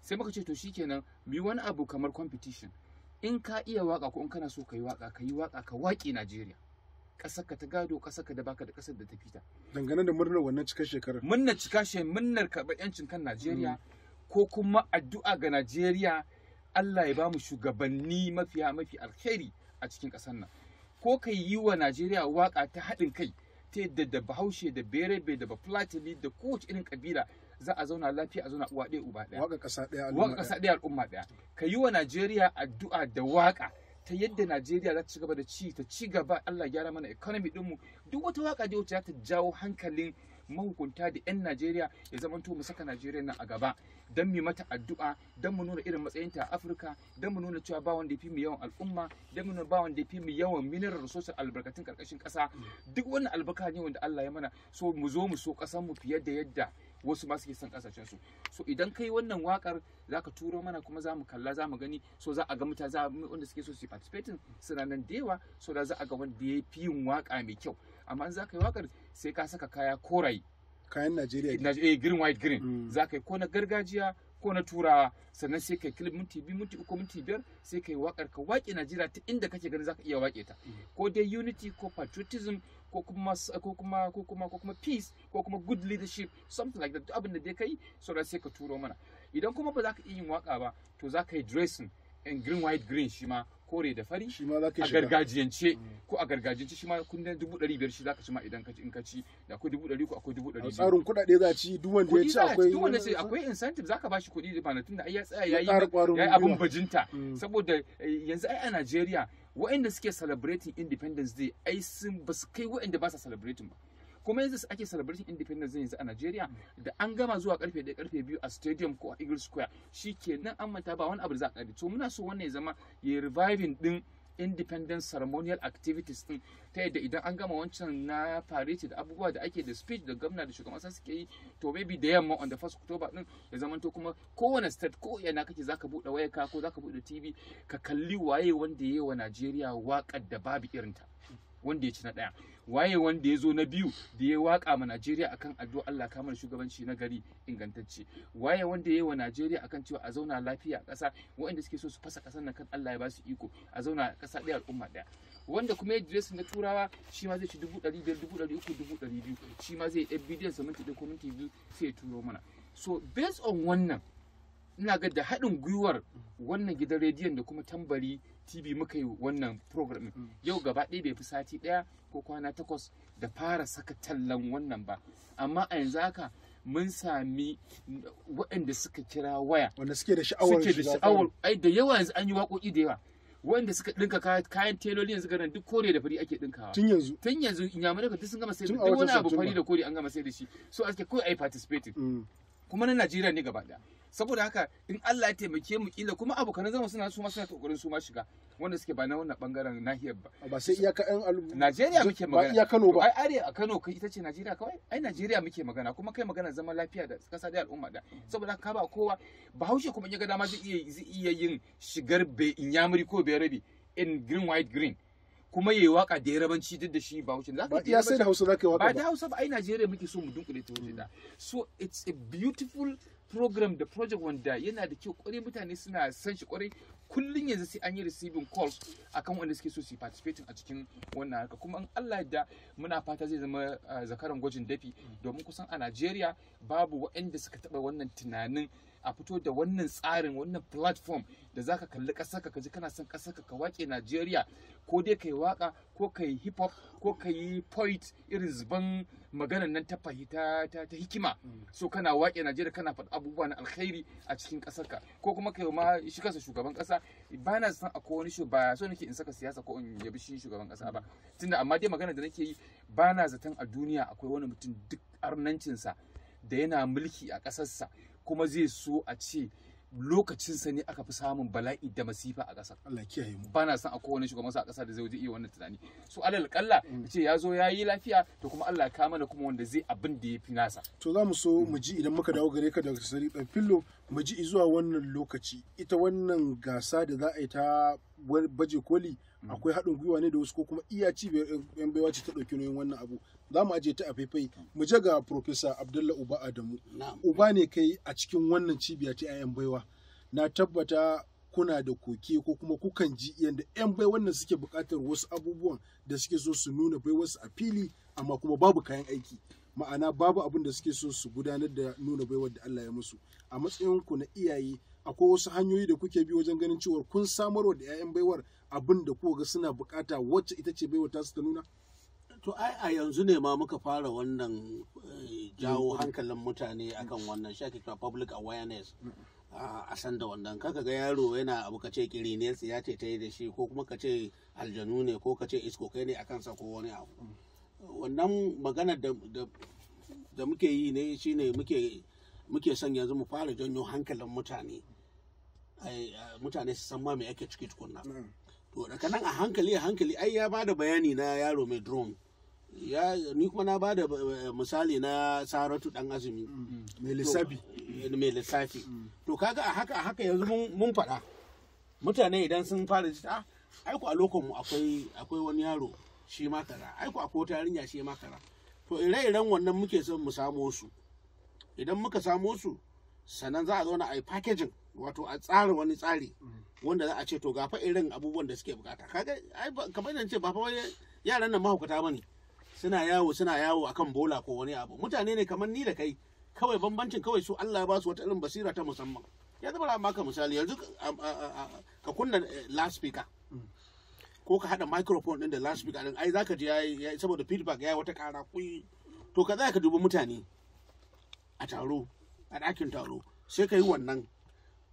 sai muka ce to shikenan mu yi wani abu kamar competition in ka iya waka ko in kana so ka yi waka ka yi waka ka waƙe Najeriya kasar ka ta gado kasar ka da baka da kasar da ta fita dangane da murnar wannan cikar shekarar murnar cika shi murnar karɓar yancin kan Najeriya mm. ko kuma addu'a ga Najeriya Allah ya bamu shugabanni mafiya mafi alheri a cikin ƙasar nan ko ka yi wa Najeriya waka ta haɗin kai ta yadda da Bahaushe da Berebe da Bafulatani da kowace irin ƙabila za a zauna lafiya a zauna uwa ɗaya uba ɗaya waƙa ƙasa ɗaya al'umma ɗaya ka yi wa Najeriya addu'a da waƙa ta yadda Najeriya za ta ci gaba da ci ta ci gaba Allah gyara mana economy ɗinmu duk wata waka da wacce za ta jawo hankalin mahukunta da 'yan Najeriya ya zamanto mu saka Najeriya nan a gaba don mu mata addu'a don mu nuna irin matsayinta a Afirka don mu nuna cewa ba wanda fi mu yawan al'umma don mu nuna ba wanda fi mu yawan mineral resources albarkatun karkashin kasa duk wannan albarka ne wanda Allah ya mana so mu zo mu so kasan mu fiye da yadda wasu ma suke son kasashen su so idan kai wannan wakar zaka turo mana kuma za mu kalla za mu gani so za a ga mutane wanda suke so su participating suna nan da yawa so da za a ga wanda ya fi yin waka mai kyau amma in za ka yi wakar sai ka saka kaya korai. kayan najeriya eh green white green mm. za ka yi ko na gargajiya ko na turawa sannan sai kai kilib minti biyu minti uku minti biyar sai ka yi wakar ka waƙe Najeriya ta inda kake ganin za ka iya waƙe ta mm. ko dai unity ko patriotism ko kuma ko kuma peace ko kuma good leadership something like that duk abin da dai kai so da sai ka turo mana idan kuma ba za ka iya yin waka ba to za ka yi dressing in green white green shi ma kore da fari a gargajiyance mm. ko a gargajiyance shi ma kundin dubu ɗari biyar shi zaka ci ma idan in ka ci da akwai dubu ɗari ko akwai dubu ɗari tsarin kuɗaɗe za ci duk wanda ya ci akwai duk wanda ya akwai incentive ka ba shi kuɗi da na tunda ai ya tsaya yayi yayi abun bajinta mm. saboda eh, yanzu ai a Najeriya waɗanda suke celebrating independence day ai sun ba su kai waɗanda ba sa celebrating ba kuma yanzu ake celebrating independence yanzu a nigeria da an gama zuwa karfe da karfe biyu a stadium ko a Eagle Square shikenan an manta ba wani abu za a kare to muna so wannan ya zama ya reviving din independent ceremonial activities din ta yadda idan an gama wancan na parade da abubuwa da ake da speech da gwamna da shugaban kasa suke yi to maybe da yamma on the first october din ya zamanto kuma kowane state ko yana kake zaka bude waya ka ko zaka bude tv ka kalli waye wanda yayi wa nigeria waƙar da babu irinta. wanda ya ci na ɗaya waye wanda ya zo na biyu da ya waka ma Najeriya akan addu'a Allah kamar shugabanci na gari ingantacce waye wanda ya yi wa Najeriya akan cewa a zauna lafiya a ƙasa waɗanda suke so su fasa ƙasar nan kan Allah ya ba su iko a zauna ƙasa ɗaya al'umma ɗaya wanda kuma ya su na turawa shi ma zai ci dubu ɗari biyar dubu ɗari uku dubu ɗari biyu shi ma zai ɗan bidiyon sa minti ɗaya minti biyu sai ya turo mana so based on wannan ina ga da haɗin gwiwar wannan gidan rediyon da kuma tambari tv muka yi wannan program mm. yau gaba ɗaya bai fi sati ɗaya ko kwana takwas da fara saka tallan wannan ba amma a yanzu haka mun sami waɗanda suka kira waya wanda suke da sha'awar suke da sha'awar ai da yawa yanzu an yi waƙoƙi da yawa waɗanda suka dinka kayan teloli yanzu garan duk kore da fari ake ɗinkawa tun yanzu tun yanzu inyamurai duk sun gama sai da wani abu fari da kore an gama sai da shi so ake kawai ai participating mm. kuma na Najeriya ne gaba ɗaya saboda haka in Allah ya taimake mu kila kuma abokan zama suna su ma suna kokarin su ma shiga wanda suke ba na wannan bangaren nahiyar ba ba sai iyaka ɗan alu Najeriya muke magana ba iya Kano ba ai are a Kano kai ita ce Najeriya kawai ai Najeriya muke magana kuma kai magana zaman lafiya da kasa da al'umma da saboda ka ba kowa Bahaushe kuma ya ga dama zai iya iya yin shigar be inyamuri ko be rabi in green white green kuma yayi waka da yarabanci duk da shi ba hausa za ka ya sai da hausa zaka waka ba da hausa ba ai Najeriya muke so mu dunkule ta wajen da so it's a beautiful program the project wanda yana da kyau kwarai mutane suna san shi kwarai kullun yanzu sai an yi receiving calls akan wanda suke so su participating a cikin wannan harka kuma in Allah da muna fata zai zama ah, zakaran gwajin dafi mm. domin kusan a Najeriya babu waɗanda suka taɓa wannan tunanin a fito da wannan tsarin wannan platform da zaka kalli ƙasarka ka ji kana son ƙasarka ka wake Najeriya ko dai kai waka ko kai hip hop ko kai poet irin zuban maganan nan ta fahita ta, hikima mm. so kana wake Najeriya kana fada abubuwa na alkhairi a cikin ƙasarka ko kuma kai ma shi kansa shugaban ƙasa ba na san akwai wani ba so nake in saka siyasa ko in yabi shi shugaban ƙasa ba mm. tunda amma dai maganar da nake yi ba na zaton a duniya akwai wani mutum duk arnancinsa da yana mulki a ƙasarsa kuma zai so a ce lokacin sa ne aka fi samun bala'i da masifa a ƙasar. Allah kiyaye mu. Bana san a kowane shugaban sa a ƙasa da zai iya wannan tunani. So alal kalla mm. ce ya zo ya yi lafiya to kuma Allah ya kama da kuma wanda zai abin da ya fi nasa. To za mu so mm. mu ji idan muka dawo gare ka daga sari ɗan fillo mu ji zuwa wannan lokaci ita wannan gasa da za a yi ta baje koli mm. akwai haɗin gwiwa ne da wasu ko kuma iya ci 'yan baiwa ce ta ɗauki nauyin wannan abu za mu ajiye ta a faifai mu je ga Profesa Abdullah Uba Adamu. Uba ne kai a cikin wannan cibiya ta 'ya'yan baiwa. Na tabbata kuna da koke ko kuma kukan ji yadda 'yan bai wannan suke buƙatar wasu abubuwan da suke so su nuna bai wasu a fili amma kuma babu kayan aiki ma'ana babu abin da suke so su gudanar da nuna baiwar da Allah ya musu a matsayin ku na iyaye akwai wasu hanyoyi da kuke bi wajen ganin cewa kun samarwa da 'ya'yan baiwar abin da kuka ga suna buƙata wacce ita ce baiwar ta su ta nuna to ai a yanzu ne ma muka fara wannan eh, jawo hankalin mutane akan wannan shaki public awareness mm. a san da wannan kaka ga yaro yana abu ka ce kiri ne ya ce ta yi da shi ko kuma ka ce aljanu ne ko ka ce isko kai ne akan sa ko wani abu mm. wannan magana da muke yi ne shine muke muke son yanzu mu fara janyo hankalin mutane mutane su san ma me ake ciki tukunna mm. to daga nan a hankali a hankali ai ya bada bayani na yaro mai drone ya ni kuma na bada eh, misali na saratu dan azumi mm, mm. mai lissafi eh, mai lissafi mm. to kaga a haka a haka yanzu mun fada mutane idan sun fara ji ah aiku a lokon mu akwai akwai wani yaro shi ma kaza aiku a kota yarinya shi ma kaza to ire-iren wannan muke son mu samo su idan muka samo su sannan za a zauna a yi packaging wato a tsara wani tsari wanda za a ce to gafa irin abubuwan da suke bukata kaga ai kamar ce ba fa yaran nan mahaukata bane suna yawo suna yawo akan bola ko wani abu mutane ne kamar ni da kai kawai bambancin kawai su Allah ya ba su wata irin basira ta musamman ya zama maka misali yanzu ka kunna eh, speaker mm. ko ka hada microphone din da speaker din ai zaka ji yayi saboda feedback yayi wata kara kuyi to ka zaka dubi mutane a taro a ɗakin taro sai ka yi wannan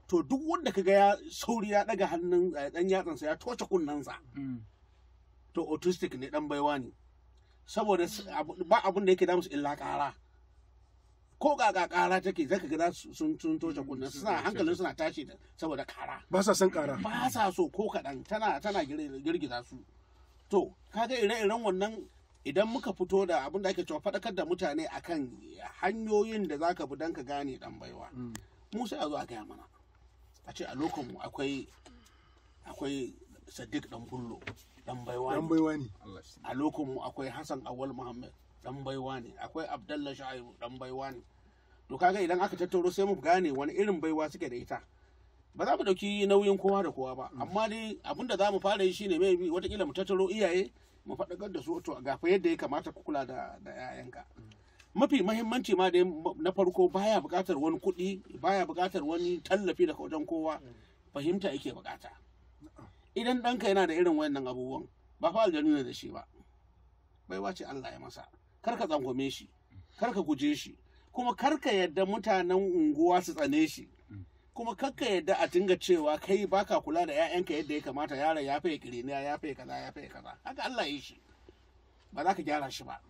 to duk wanda kaga ya sauri ya daga hannun dan eh, yatsansa ya toce kunnansa mm. to autistic ne dan baiwa ne saboda ba abin da yake da musu illa kara. ko ga ƙara take zaka gida sun sun toshe kunna. suna hankalin suna tashi da saboda ƙara ba sa son ƙara ba sa so ko kaɗan tana tana girgiza su to kaga ire-iren wannan idan muka fito da abin da ake cewa faɗakar da mutane akan hanyoyin da zaka bi dan ka gane dan baiwa hmm. mu sai a zo a gaya mana a ce a lokacin akwai akwai sadiq dan bullo dan baiwa ne a lokacin akwai Hassan Awal Muhammad dan baiwa ne akwai abdallah Shaibu dan baiwa ne to kaga idan aka tattauro sai mu gane wani irin baiwa suke da ita ba za mu dauki nauyin kowa da kowa ba amma dai abinda za mu fara yi shine mai watakila mu tattaro iyaye mu faɗakar da su to ga fa yadda ya kamata ku kula da da yayanka mafi mahimmanci ma dai na farko baya buƙatar wani kuɗi baya buƙatar wani tallafi daga wajen kowa fahimta yake buƙata idan ɗanka yana da irin wayannan abubuwan ba fa aljanu ne da shi ba bai wace Allah ya masa kar ka tsangwame shi kar ka guje shi kuma kar ka yadda mutanen unguwa su tsane shi kuma kar ka yadda a dinga cewa kai baka kula da ƴaƴanka yadda ya kamata yaron ya faye kiriniya ya faye kaza ya faye kaza haka Allah ya yi shi ba za ka gyara shi ba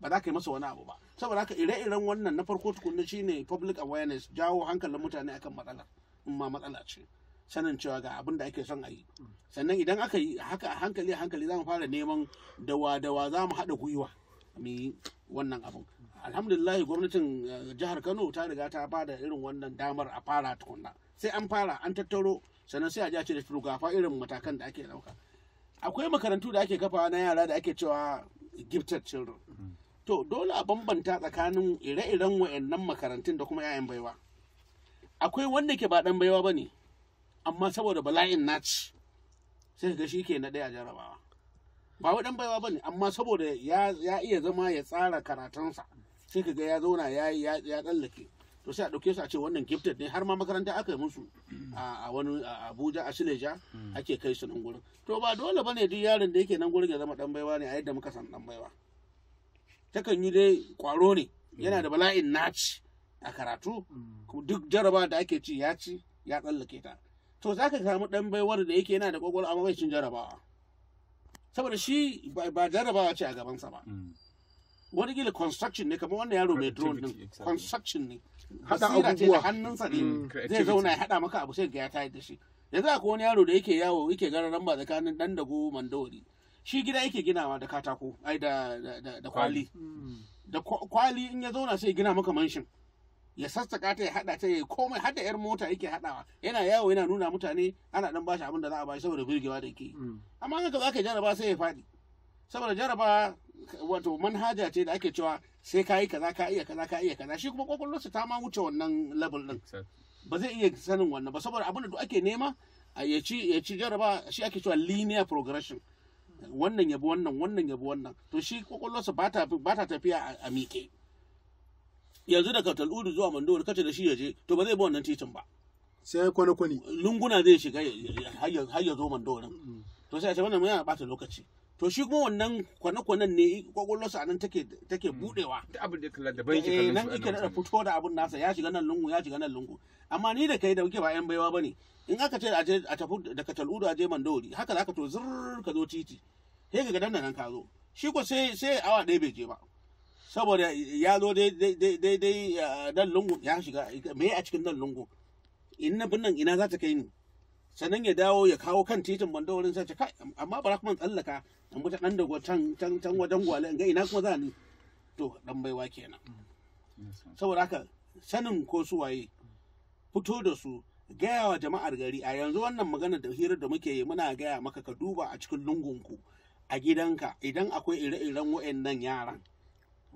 ba za ka yi masa wani abu ba saboda haka ire-iren wannan na farko tukunna shine public awareness jawo hankalin mutane akan matsalar in ma matsala ce sanin cewa ga abin da ake son a yi sannan idan aka yi haka a hankali hankali za mu fara neman dawa dawa za mu haɗa gwiwa mu wannan abin alhamdulillahi gwamnatin eh, jihar kano ta riga ta bada irin wannan damar a fara tukunna sai an fara an tattaro sannan sai a jace da da shugafa irin matakan da ake ɗauka akwai makarantu da ake kafawa na yara da ake cewa gifted children to dole a bambanta tsakanin ire-iren wa'annan makarantun da kuma 'ya'yan baiwa akwai wanda ke ba dan baiwa ba ne amma saboda bala'in naci sai ga shi ke na ɗaya jarabawa ba wadan baiwa ba ne amma saboda ya iya zama ya tsara karatunsa sai ka ga ya zauna ya ya tsallake to sai a ɗauke su a ce wannan gifted ne har ma makaranta aka yi musu a wani abuja a sileja hmm. ake kai su nan gurin to ba dole ba ne duk yaron da yake nan gurin ya zama ɗan baiwa ne a yadda muka san ɗan baiwa takan yi dai kwaro ne yana da bala'in naci a karatu hmm. duk jaraba da ake ci ya ci ya tsallake ta to za ka samu ɗan baiwar da yake yana da ƙwaƙwal amma bai cin jarabawa saboda shi ba jarabawa ce a gabansa ba mm. wani gila construction ne kamar wannan yaro mai drone din construction ne hada abubuwa hannunsa ne mm. zai zauna ya hada maka abu sai ga ya tayar da shi yanzu akwai wani yaro da yake yawo yake gararan ba tsakanin dan dago mandawari shi gida yake ginawa da katako ai da da kwali mm. da kwali in ya zauna sai gina maka manshin ya sassaka ta ya hada ta ya komai hada yar mota yake hadawa yana yawo yana nuna mutane ana dan bashi abin da za a bashi saboda birgewa da yake mm. amma haka za ka jaraba sai ya fadi saboda jaraba wato manhaja ce da ake cewa sai ka yi kaza ka iya kaza ka iya kaza shi kuma kwakwalwarsa ta ma wuce wannan level din ba zai iya sanin wannan ba saboda abin da ake nema ya ci ya jaraba shi ake cewa linear progression wannan bi wannan wannan bi wannan to shi kwakwalwarsa ba ta tafiya a miƙe. yanzu daga tal'udu zuwa mandawar kace da shi ya je to ba zai bi wannan titin ba sai kwana kwani lunguna zai shiga har ya zo nan to sai a ce wannan yana bata lokaci to shi kuma wannan kwana kwanan ne kwakwalwarsa a nan take mm. budewa da abin da eh, kallon da bai shi nan yake da fito da abin nasa ya shiga nan lungu ya shiga nan lungu amma ni da kai da kuke ba yan baiwa bane in aka ce a tafi daga tal'udu a je mandori haka zaka to zurr ka zo titi sai ka ga nan ka zo shi ko sai sai awa ɗaya bai je ba saboda ya zo daidai dan lungu ya shiga me a cikin dan lungu Ina binnan ina za ta kai ni sannan ya dawo ya kawo kan titin banda wurin sace kai amma bara tsallaka in mutu dan dago can can can wajen gwale ga ina kuma za ni to dan baiwa kenan saboda haka sanin ko su waye fito da su gaya wa jama'ar gari a yanzu wannan magana da hirar da muke yi muna gaya maka ka duba a cikin lungunku a gidanka idan akwai ire-iren wa'annan yaran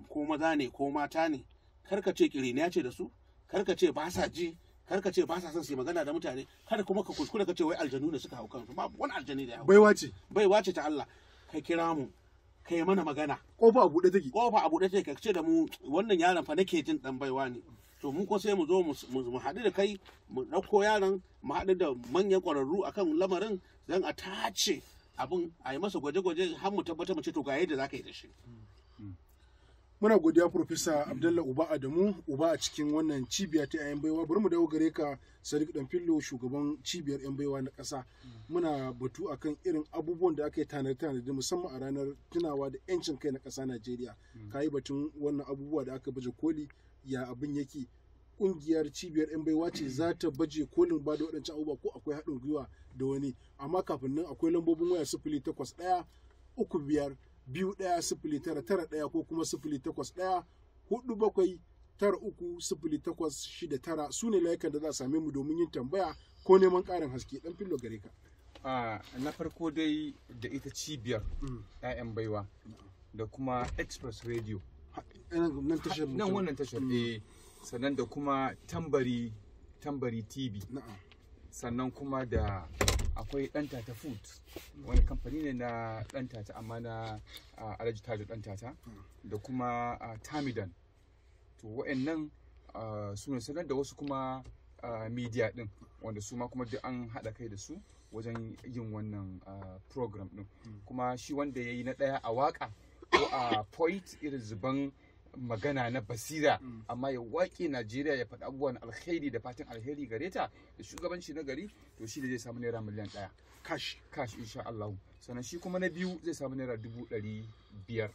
ko maza ne ko mata ne karka ce kiriniya ce da su karka ce ba sa ji karka ce ba sa son su yi magana da mutane kada kuma ka kuskure ka ce wai aljanu ne suka hau kansu ba wani aljani da ya hau baiwa ce baiwa ce ta Allah ka kira mu kai mana magana kofa a buɗe take kofa a buɗe take ka ce da mu wannan yaron fa nake jin dan baiwa ne to mun ko sai mu zo mu haɗu da kai mu ɗauko yaron mu haɗu da manyan ƙwararru akan lamarin don a tace abin a yi masa gwaje-gwaje har mu tabbatar mu ce to ga yadda za ka yi da shi muna godiya profesa abdalla uba adamu uba a cikin wannan cibiya ta yan baiwa bari mu dawo gare ka sadiq danfillo shugaban cibiyar yan baiwa na kasa muna batu akan irin abubuwan da aka yi tanade tanade musamman a ranar tunawa da yancin kai na kasa najeriya mm. ka yi batun wannan abubuwa da aka baje koli ya abin yake kungiyar cibiyar yan baiwa ce za ta baje kolin ba da waɗancan abubuwa ko akwai haɗin gwiwa da wani amma kafin nan akwai lambobin waya sifili takwas ɗaya uku biyar biyu ɗaya sifili tara tara ɗaya ko kuma sifili takwas ɗaya hudu bakwai tara uku sifili takwas shida tara su ne layukan da za a same mu domin yin tambaya ko neman ƙarin haske ɗan fillo gare ka. na farko dai da ita cibiyar 'ya'yan mm. baiwa da kuma express radio nan wannan tashar mm. eh sannan da kuma tambari tambari tv sannan kuma da akwai dan tata food wani kamfani ne na dan tata amma na alajita tajo dan tata da kuma tamidan to wa'annan su ne sanar da wasu kuma media din wanda su ma kuma duk an haɗa kai da su wajen yin wannan program din kuma shi wanda ya yi na ɗaya a waka ko a point irin zuban magana na basira mm. amma ya waƙe Najeriya ya faɗa abubuwan alheri da fatan alheri gare ta da shugabanci na gari to shi da zai samu naira miliyan ɗaya. kash kash insha Allah. Sannan shi kuma na biyu zai samu naira dubu ɗari biyar.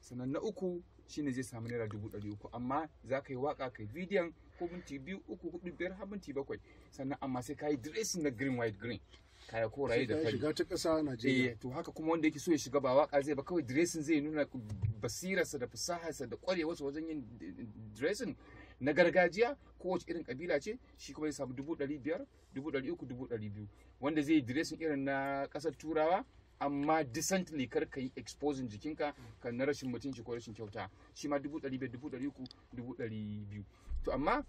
Sannan na uku shine zai samu naira dubu ɗari uku amma za ka yi waƙa ka yi bidiyon ko minti biyu uku hudu biyar har minti bakwai sannan amma sai ka yi dressing na green white green. kaya koraye da fari shiga ta ƙasa Najeriya eh, to haka kuma wanda yake so ya shiga ba waka zai ba kawai dressing zai nuna basirarsa da fasaharsa da kwarewarsa wajen yin dressing na gargajiya ko wace irin kabila ce shi kuma zai samu dubu ɗari biyar dubu ɗari uku dubu ɗari biyu wanda zai dressing irin na ƙasar turawa amma decently kar ka yi exposing jikinka ka na rashin mutunci ko rashin kyauta shi ma dubu ɗari biyar dubu ɗari uku dubu ɗari biyu to amma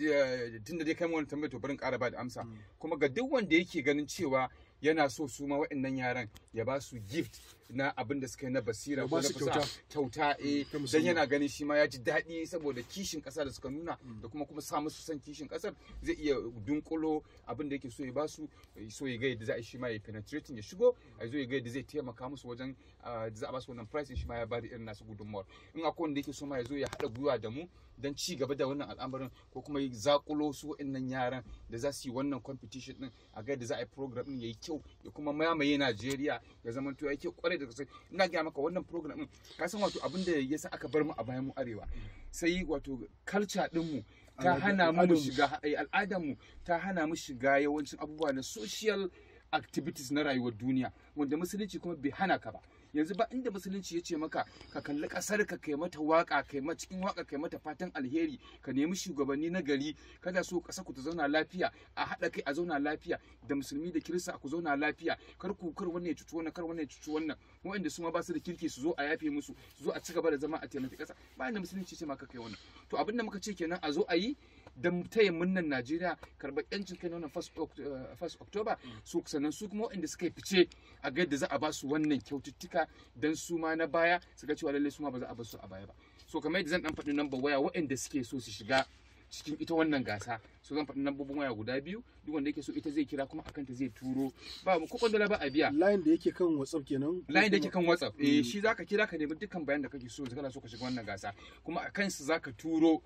Eh, tunda dai kai wani tambayar to barin ƙara ba da amsa mm. kuma ga duk wanda yake ganin cewa yana so su ma waɗannan yaran ya ba su gift na abin da suka yi na basira ko na kusa kyauta eh mm, dan yana ganin shi ma ya ji daɗi saboda kishin ƙasa da suka nuna mm. da kuma kuma samu su san kishin ƙasar zai iya dunkulo abin da yake so ya basu so ya ga yadda za a shi ma ya penetrating ya shigo a zo ya ga yadda zai taimaka musu wajen da ah, za a basu wannan price shi ma ya bada irin nasu gudunmawar in akwai wanda yake so ma ya zo ya haɗa gwiwa da mu dan ci gaba da wannan al'amarin ko kuma zakulo su waɗannan yaran da za su yi wannan competition din a ga yadda za a yi program din yayi kyau ya kuma mamaye Najeriya ya zama to yake kware da sosai ina gaya maka wannan program din ka san wato abin da yasa aka bar mu a bayan mu arewa sai wato culture din mu ta hana mu shiga eh, al'adar mu ta hana mu shiga yawancin abubuwa na social activities na rayuwar duniya wanda musulunci kuma bai hana ka ba yanzu ba inda musulunci ya ce maka ka kalli kasar ka kai mata waka kai mata cikin waka kai mata fatan alheri ka nemi shugabanni na gari kada so ƙasa ku ta zauna lafiya a haɗa kai a zauna lafiya da musulmi da kirista ku zauna lafiya kar ku kar wannan ya cuci wannan kar wannan ya cuci wannan waɗanda su ma ba su da kirki su zo a yafe musu su zo a ci gaba da zama a taimaki ƙasa ba inda musulunci ce maka kai wannan to abinda muka ce kenan a zo a yi don taya murnan Najeriya karɓar yancin kai na wannan eh, first October su sannan su kuma waɗanda suka yi fice a ga yadda za a ba su wannan kyaututtuka don su ma na baya su ga cewa lallai su ma ba za a ba su a baya ba so kamar yadda zan dan faɗi number waya waɗanda suke so su shiga cikin ita wannan gasa so zan faɗi nambobin waya guda biyu duk wanda yake so ita zai kira kuma akan ta zai turo ba mu kokon dala ba a biya line da yake kan whatsapp kenan line da yake kan whatsapp eh hmm. shi zaka kira ka nemi dukkan bayan da kake so zaka so ka shiga wannan gasa kuma akan su zaka turo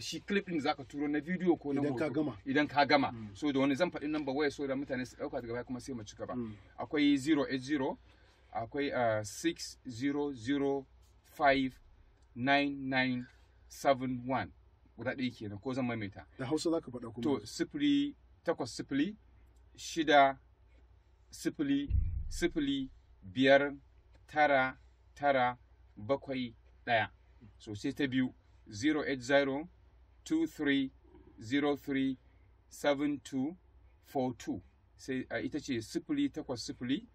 shi clip za zaka turo na video ko na idan ka gama idan ka gama mm. so da wani zan faɗi number waya so da mutane su dauka daga baya kuma sai mu ci gaba mm. akwai 080 akwai 9971 uh, guda ɗaya kenan ko zan maimaita da hausa za ka faɗa kuma to sifili takwas sifili shida sifili sifili biyar tara tara bakwai ɗaya so sai ta biyu 080 23037242 sai a ita ce sifili takwas sifili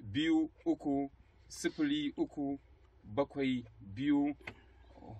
biyu uku sifili uku bakwai biyu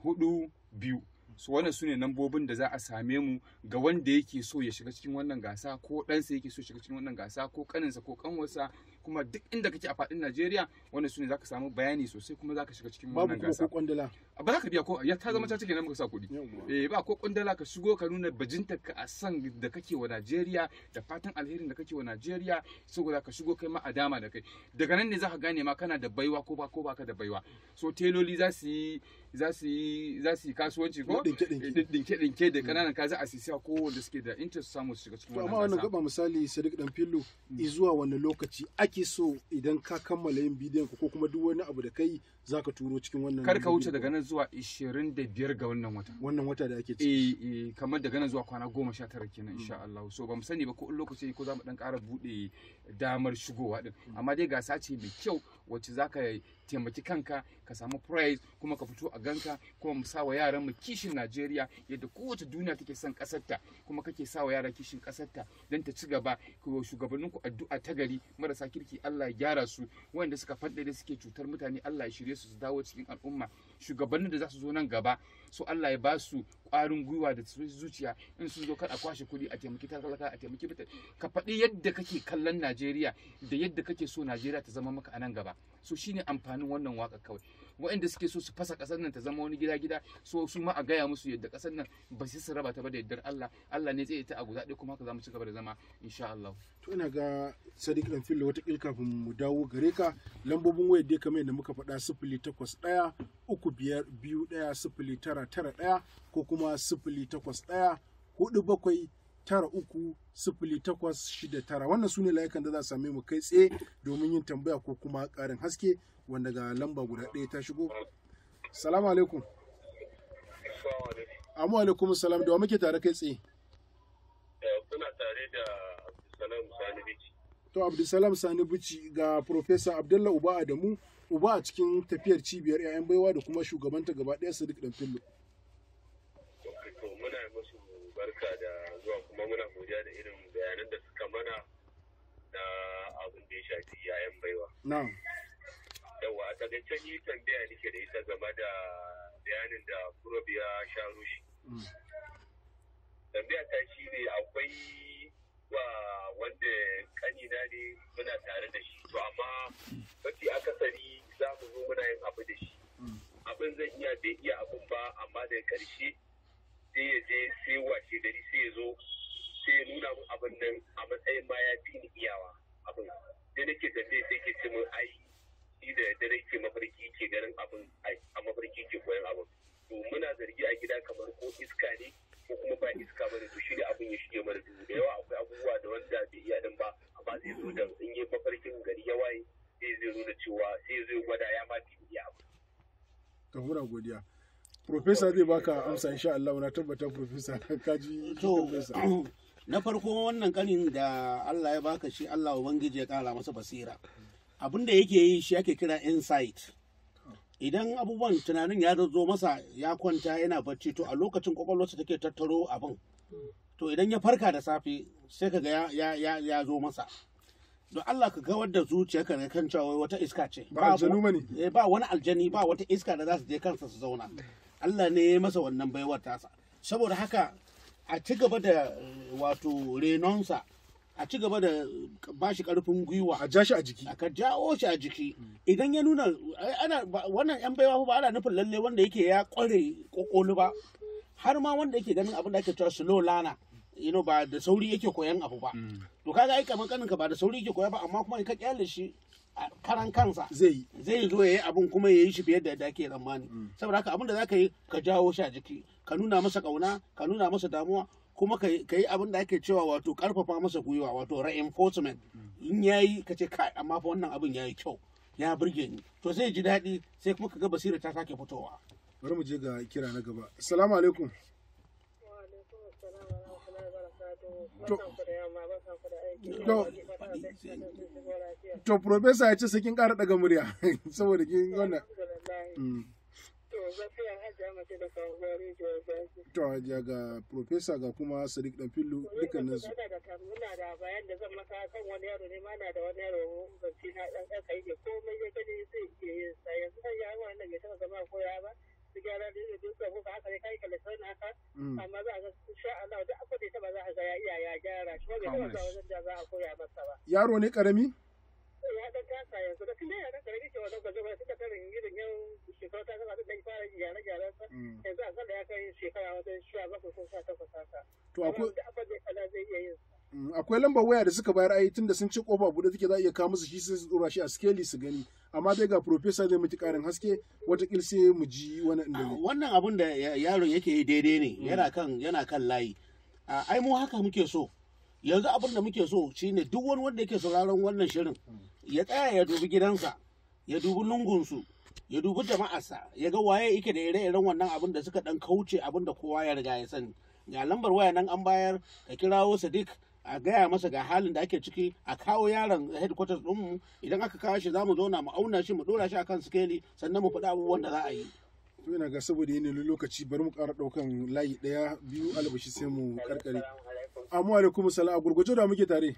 hudu biyu su wane su ne nambobin da za a same mu ga wanda yake so ya shiga cikin wannan gasa ko ɗansa yake so shiga cikin wannan gasa ko ƙaninsa ko ƙanwarsa kuma duk inda kake a faɗin Najeriya wannan sune zaka samu bayani sosai kuma zaka shiga cikin wannan gasa. Babu ko kwandala. Ba za ka biya ko ya ta zama hmm. caca nan muka sa kuɗi. Eh ba ko kwandala ka shigo ka nuna bajinta ka a san da kake wa Najeriya da fatan alherin da kake wa Najeriya saboda ka shigo kai ma a dama da kai. Daga nan ne za ka gane ma kana da baiwa ko ba ko baka da baiwa. So teloli za su yi za su yi za su yi kasuwanci ko dinke eh, dinke da kananan kaza a sisiya ko wanda suke da interest samu su shiga cikin wannan amma wannan gaba misali Sadiq dan fillo mm. zuwa wani lokaci ake so idan ka kammala yin bidiyon ko kuma duk wani abu da kai zaka turo cikin wannan kar ka wuce daga nan zuwa 25 ga wannan wata wannan wata da ake ciki eh, eh kamar daga nan zuwa kwana 19 kenan mm. insha Allah so ba mu sani ba ko lokaci ko za mu dan ƙara buɗe damar shigowa din mm. amma dai gasa ce mai kyau wacce za ka taimaki kanka ka samu prize kuma ka fito a ganka kuma mu sawa yaran mu kishin Najeriya yadda kowace duniya take son kasarta kuma kake sawa yara kishin kasarta don ta ci gaba ko shugabannin ku addu'a ta gari marasa kirki Allah ya gyara su wanda suka da suke cutar mutane Allah ya shirye su su dawo cikin al'umma shugabannin da za su zo nan gaba su Allah ya ba su ƙwarin gwiwa da zuciya in sun zo kar a kwashe kuɗi a taimaki talaka a taimaki mutane ka faɗi yadda kake kallon Najeriya da yadda kake so Najeriya ta zama maka a nan gaba so shine amfanin wannan waka kawai waɗanda suke so su fasa ƙasar nan ta zama wani gida gida so su ma a gaya musu yadda ƙasar nan ba su raba ta ba da yaddar Allah Allah ne zai ta a guda ɗaya kuma haka mu ci gaba da zama insha Allah to ina ga Sadiq dan fillo wata kafin mu dawo gare ka lambobin wayar dai kamar yadda muka faɗa sifili takwas ɗaya uku tara tara ɗaya ko kuma sifili takwas ɗaya hudu bakwai tara uku sifili takwas shida tara wannan su ne layukan da za a same mu kai tsaye domin yin tambaya ko kuma karin haske wanda ga lamba guda ɗaya ta shigo salamu alaikum amu alaikum salam da wa muke tare kai tsaye eh, kuna tare da abdulsalam sani bici to abdulsalam sani bici ga profesa abdullahi uba adamu uba a cikin tafiyar cibiyar 'ya'yan baiwa da kuma shugabanta gaba ɗaya sadiq dan fillo kuma muna godiya da irin bayanan da suka mana na abin da ya shafi yayan baiwa Yawwa a tagancen yi tambaya nake da ita game da bayanin da kurob ya sha rushe mm. tambaya ta shi ne akwai wa wanda kanina ne muna tare da shi to amma mafi akasari za mu zo muna yin abu da shi mm. abin zan iya bai iya abin ba amma da karshe sai ya je sai washe gari sai ya zo sai ya nuna min abin nan a matsayin baya ya fi ni iyawa abin da nake tafiya sai ke ce mun ai shi da dare ke mafarki ke ganin abin a mafarki ke koyan abin to muna zargi a gida kamar ko iska ne ko kuma ba iska bane to shi abin ya shige mana dubu da yawa akwai abubuwa da wanda bai iya din ba amma zai zo da in yi mafarkin gari ya waye sai zai zo da cewa sai zai gwada ya ma fi iya abin. to muna godiya Profesa zai baka amsa insha Allah na tabbata Profesa kaji Profesa. na farko wannan karin da Allah ya baka shi Allah ubangiji ya kara masa basira abin da yake yi shi yake kira insight idan abubuwan tunanin ya zo masa ya kwanta yana bacci to a lokacin kwakwalwarsa take tattaro abin to idan ya farka da safe sai kaga ya ya ya, ya zo masa don Allah ka ga wadda zuciyarka ne kan cewa wata iska ce ba aljanu bane eh, ba wani aljani ba wata iska da za su je kansa su zauna Allah ne ya masa wannan baiwar tasa saboda haka a ci gaba da wato renonsa a ci gaba da shi karfin gwiwa a jashi a jiki a ka jawo shi a jiki idan ya nuna wannan yan baiwa ba ana nufin lalle wanda yake ya kware kokoli ba har ma wanda yake ganin abin ake cewa slow lana you know ba da sauri yake koyan abu ba mm. to kaga ai kamar kaninka ba da sauri yake koya ba amma kuma ka kyale shi karan kansa zai zai zo yayi abun kuma yayi shi fiye da dake ke tsammani mm. saboda haka abin da zaka yi ka jawo shi a jiki ka nuna masa kauna ka nuna masa damuwa kuma ka yi abin da ake cewa wato karfafa masa gwiwa wato reinforcement mm. in yi ka ce kai amma fa wannan abin ya yi kyau ya burge ni to zai ji daɗi sai kuma ka ga basira ta sake fitowa bari mu je ga kira na gaba assalamu alaikum to professor ya ce sakin kara ƙara daga murya saboda kin wannan mm. To ga Profesa ga kuma Sadiq Dan Fillu dukkanin su. Muna da bayan da zan maka kan wani yaro ne mana da wani yaro bacci na ɗan ɗan kai ko mai ya gani zai ke yin sa yanzu kan ya wani ya bai taɓa zama koya ba. Su gyara da zai duka ko haka ne kai kalli sauna haka. Mm. Amma za a ga sha Allah duk akwai da ba za a ga ya iya ya gyara shi ba taɓa za a koya masa ba. Yaro ne ƙarami? ya dan kasa yanzu da tunda ya dan karbi ke wannan gwaje gwaje ta karin irin yau shekara ta gaba da fara gyare gyare sa mm. yanzu a kan da ya kai shekara wajen sha bakwai ko sha takwas haka to akwai da abin da kana zai iya yin mm, akwai lambar waya da suka bayar ai da sun ci kofa buɗe take za a iya kawo musu shi sai su dora shi a skeli su gani amma dai ga profesa zai miki karin haske watakil sai mu ji wani inda wannan abun da yaron yake yi daidai ne mm. yana kan yana kan layi ai mu haka muke so yanzu abin da muke so shine duk wani wanda yake sauraron wannan shirin ya tsaya ya dubi gidansa ya dubi lungunsu ya dubi jama'arsa ya ga waye yake da ire-iren wannan abin da suka dan kauce abin da kowa ya riga ya sani ga lambar waya nan an bayar ka kirawo sadiq a gaya masa ga halin da ake ciki a kawo yaron headquarters mu idan aka kawo shi zamu mu zauna mu auna shi mu dora shi akan sikeli sannan mu fada abubuwan da za a yi to ina ga saboda yanayin lokaci bari mu kara ɗaukan layi ɗaya biyu albashi sai mu karkare amma alaikum salam a gurguje da muke tare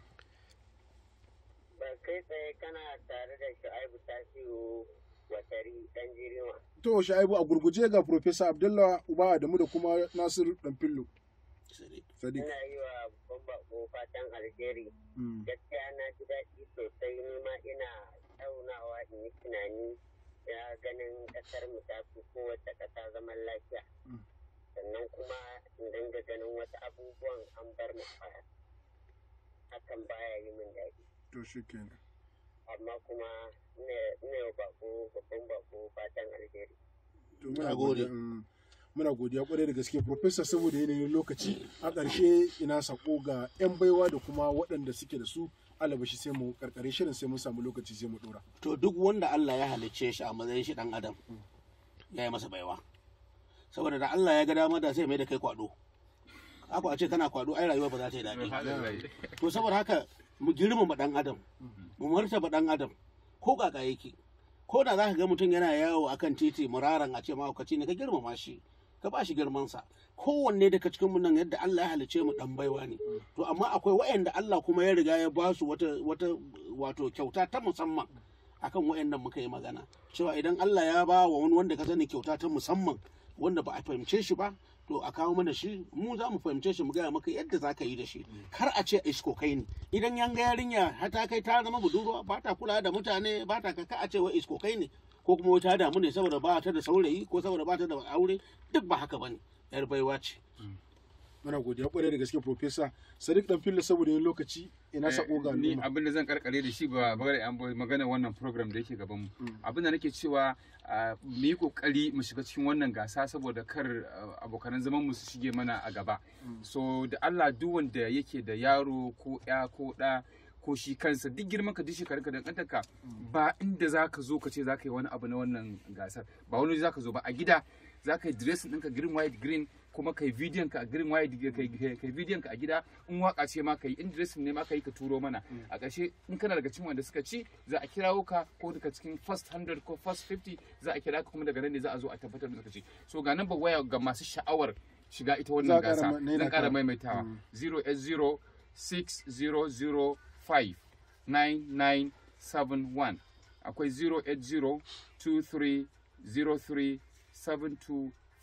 kai tsaye kana tare da Shu'aibu Tasiu Wasari dan Jirima. To Shu'aibu a gurguje ga Profesa Abdullah Uba Adamu da kuma nasiru Danfillo. Sadiq. Ina yi wa bamba ko fatan alheri. Mm. Gaskiya na ji daɗi sosai ni ma ina taunawa in yi tunani ya ganin ƙasar mu ta fi kowace ƙasa zaman lafiya. Mm. Sannan kuma in dinga ganin wata abubuwan an bar mu baya. Hakan baya yi min daɗi. to shi kenan amma kuma ne ba bako babban bako fatan alheri to muna gode mm, muna godiya kwarai da gaske profesa saboda yanayin lokaci a ƙarshe ina sako ga 'yan baiwa da kuma waɗanda suke da su alabashi sai mu karkare shirin sai mun samu lokaci sai mu ɗora. to duk wanda Allah ya halicce shi a matsayin shi dan adam mm. ya yi masa baiwa saboda da Allah ya ga dama da sai mai da kai kwado haka a ce kana kwado ai rayuwa ba za ta yi daɗi to saboda haka mu girmama dan adam mu martaba dan adam ko kaka yake ko da zaka ga mutum yana yawo akan titi muraran a ce mahaukaci ne ka girmama shi ka ba shi girmansa kowanne daga cikin mu nan yadda Allah ya halice mu dan baiwa ne to amma akwai wayanda Allah kuma ya riga ya ba su wata wata wato kyauta ta musamman akan wayannan muka yi magana cewa idan Allah ya ba wa wani wanda ka sani kyauta ta musamman wanda ba a fahimce shi ba to a kawo mana shi mu za mu fahimce shi mu gaya maka yadda za ka yi da shi kar a ce isko kai ne idan yan yanga yarinya har ta kai ta zama budurwa ba ta kula da mutane ba ta kaka a ce wa isko kai ne ko kuma wata damu ne saboda ba ta da saurayi ko saboda ba ta da aure duk ba haka bane yar baiwa ce mm. muna godiya kwarai da gaske profesa sadiq dan filla saboda yin lokaci ina sako ga eh, ni abin da zan karkare da shi ba bare an magana wannan program da yake gaban mu mm. abin da nake cewa mu yi kokari mu shiga cikin wannan gasa saboda kar abokan zaman mu su shige mana a gaba mm. so da Allah duk wanda yake da yaro ko ya ko da ko shi kansa duk girman ka duk shekarun ka dangantarka mm. ba inda zaka zo ka ce zaka yi wani abu na wannan gasar ba wani zaka zo ba a gida zaka yi dressing ɗinka green white green kuma kai bidiyon ka a green wide kai bidiyon ka a gida in waka ce ma kai in dressing ne ma kai ka turo mana mm. a ƙarshe in kana daga cikin wanda suka ci za a kirawo ka ko daga cikin first 100 ko first 50 za a kira ka kuma daga nan ne za a zo a tabbatar da suka ci so ga nan ba waya ga masu sha'awar shiga ita wannan gasa zan ƙara maimaitawa 0s0 6005 9971 akwai 080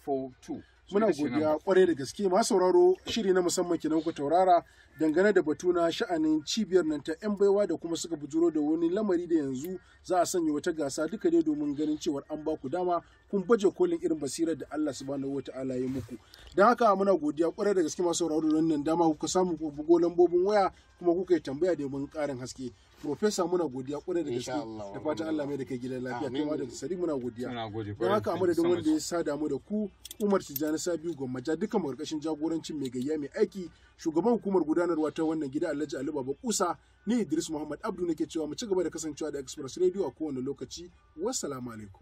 four 7242 muna godiya kwarai da gaske ma sauraro shiri na musamman kenan ku taurara dangane da batu na sha'anin cibiyar nan ta yan baiwa da kuma suka bujuro da wani lamari da yanzu za a sanya wata gasa duka dai domin ganin cewar an ba ku dama kun baje kolin irin basirar da Allah subhanahu wataala ya muku don haka muna godiya kwarai da gaske ma sauraro da wannan dama kuka samu ku bugo lambobin waya kuma kuka yi tambaya domin karin haske Profesa muna godiya kwarai da gaske da fatan Allah mai da kai gidan lafiya kai ma da sari muna godiya. Don haka a madadin wanda ya sada mu da ku Umar Tijjani Sabiu Gwammaja dukkan mu karkashin jagorancin mai gayya mai aiki shugaban hukumar gudanarwa ta wannan gida Alhaji Ali Baba Kusa ni Idris Muhammad Abdu nake cewa mu ci gaba da kasancewa da Express Radio a kowane lokaci. Wassalamu alaikum.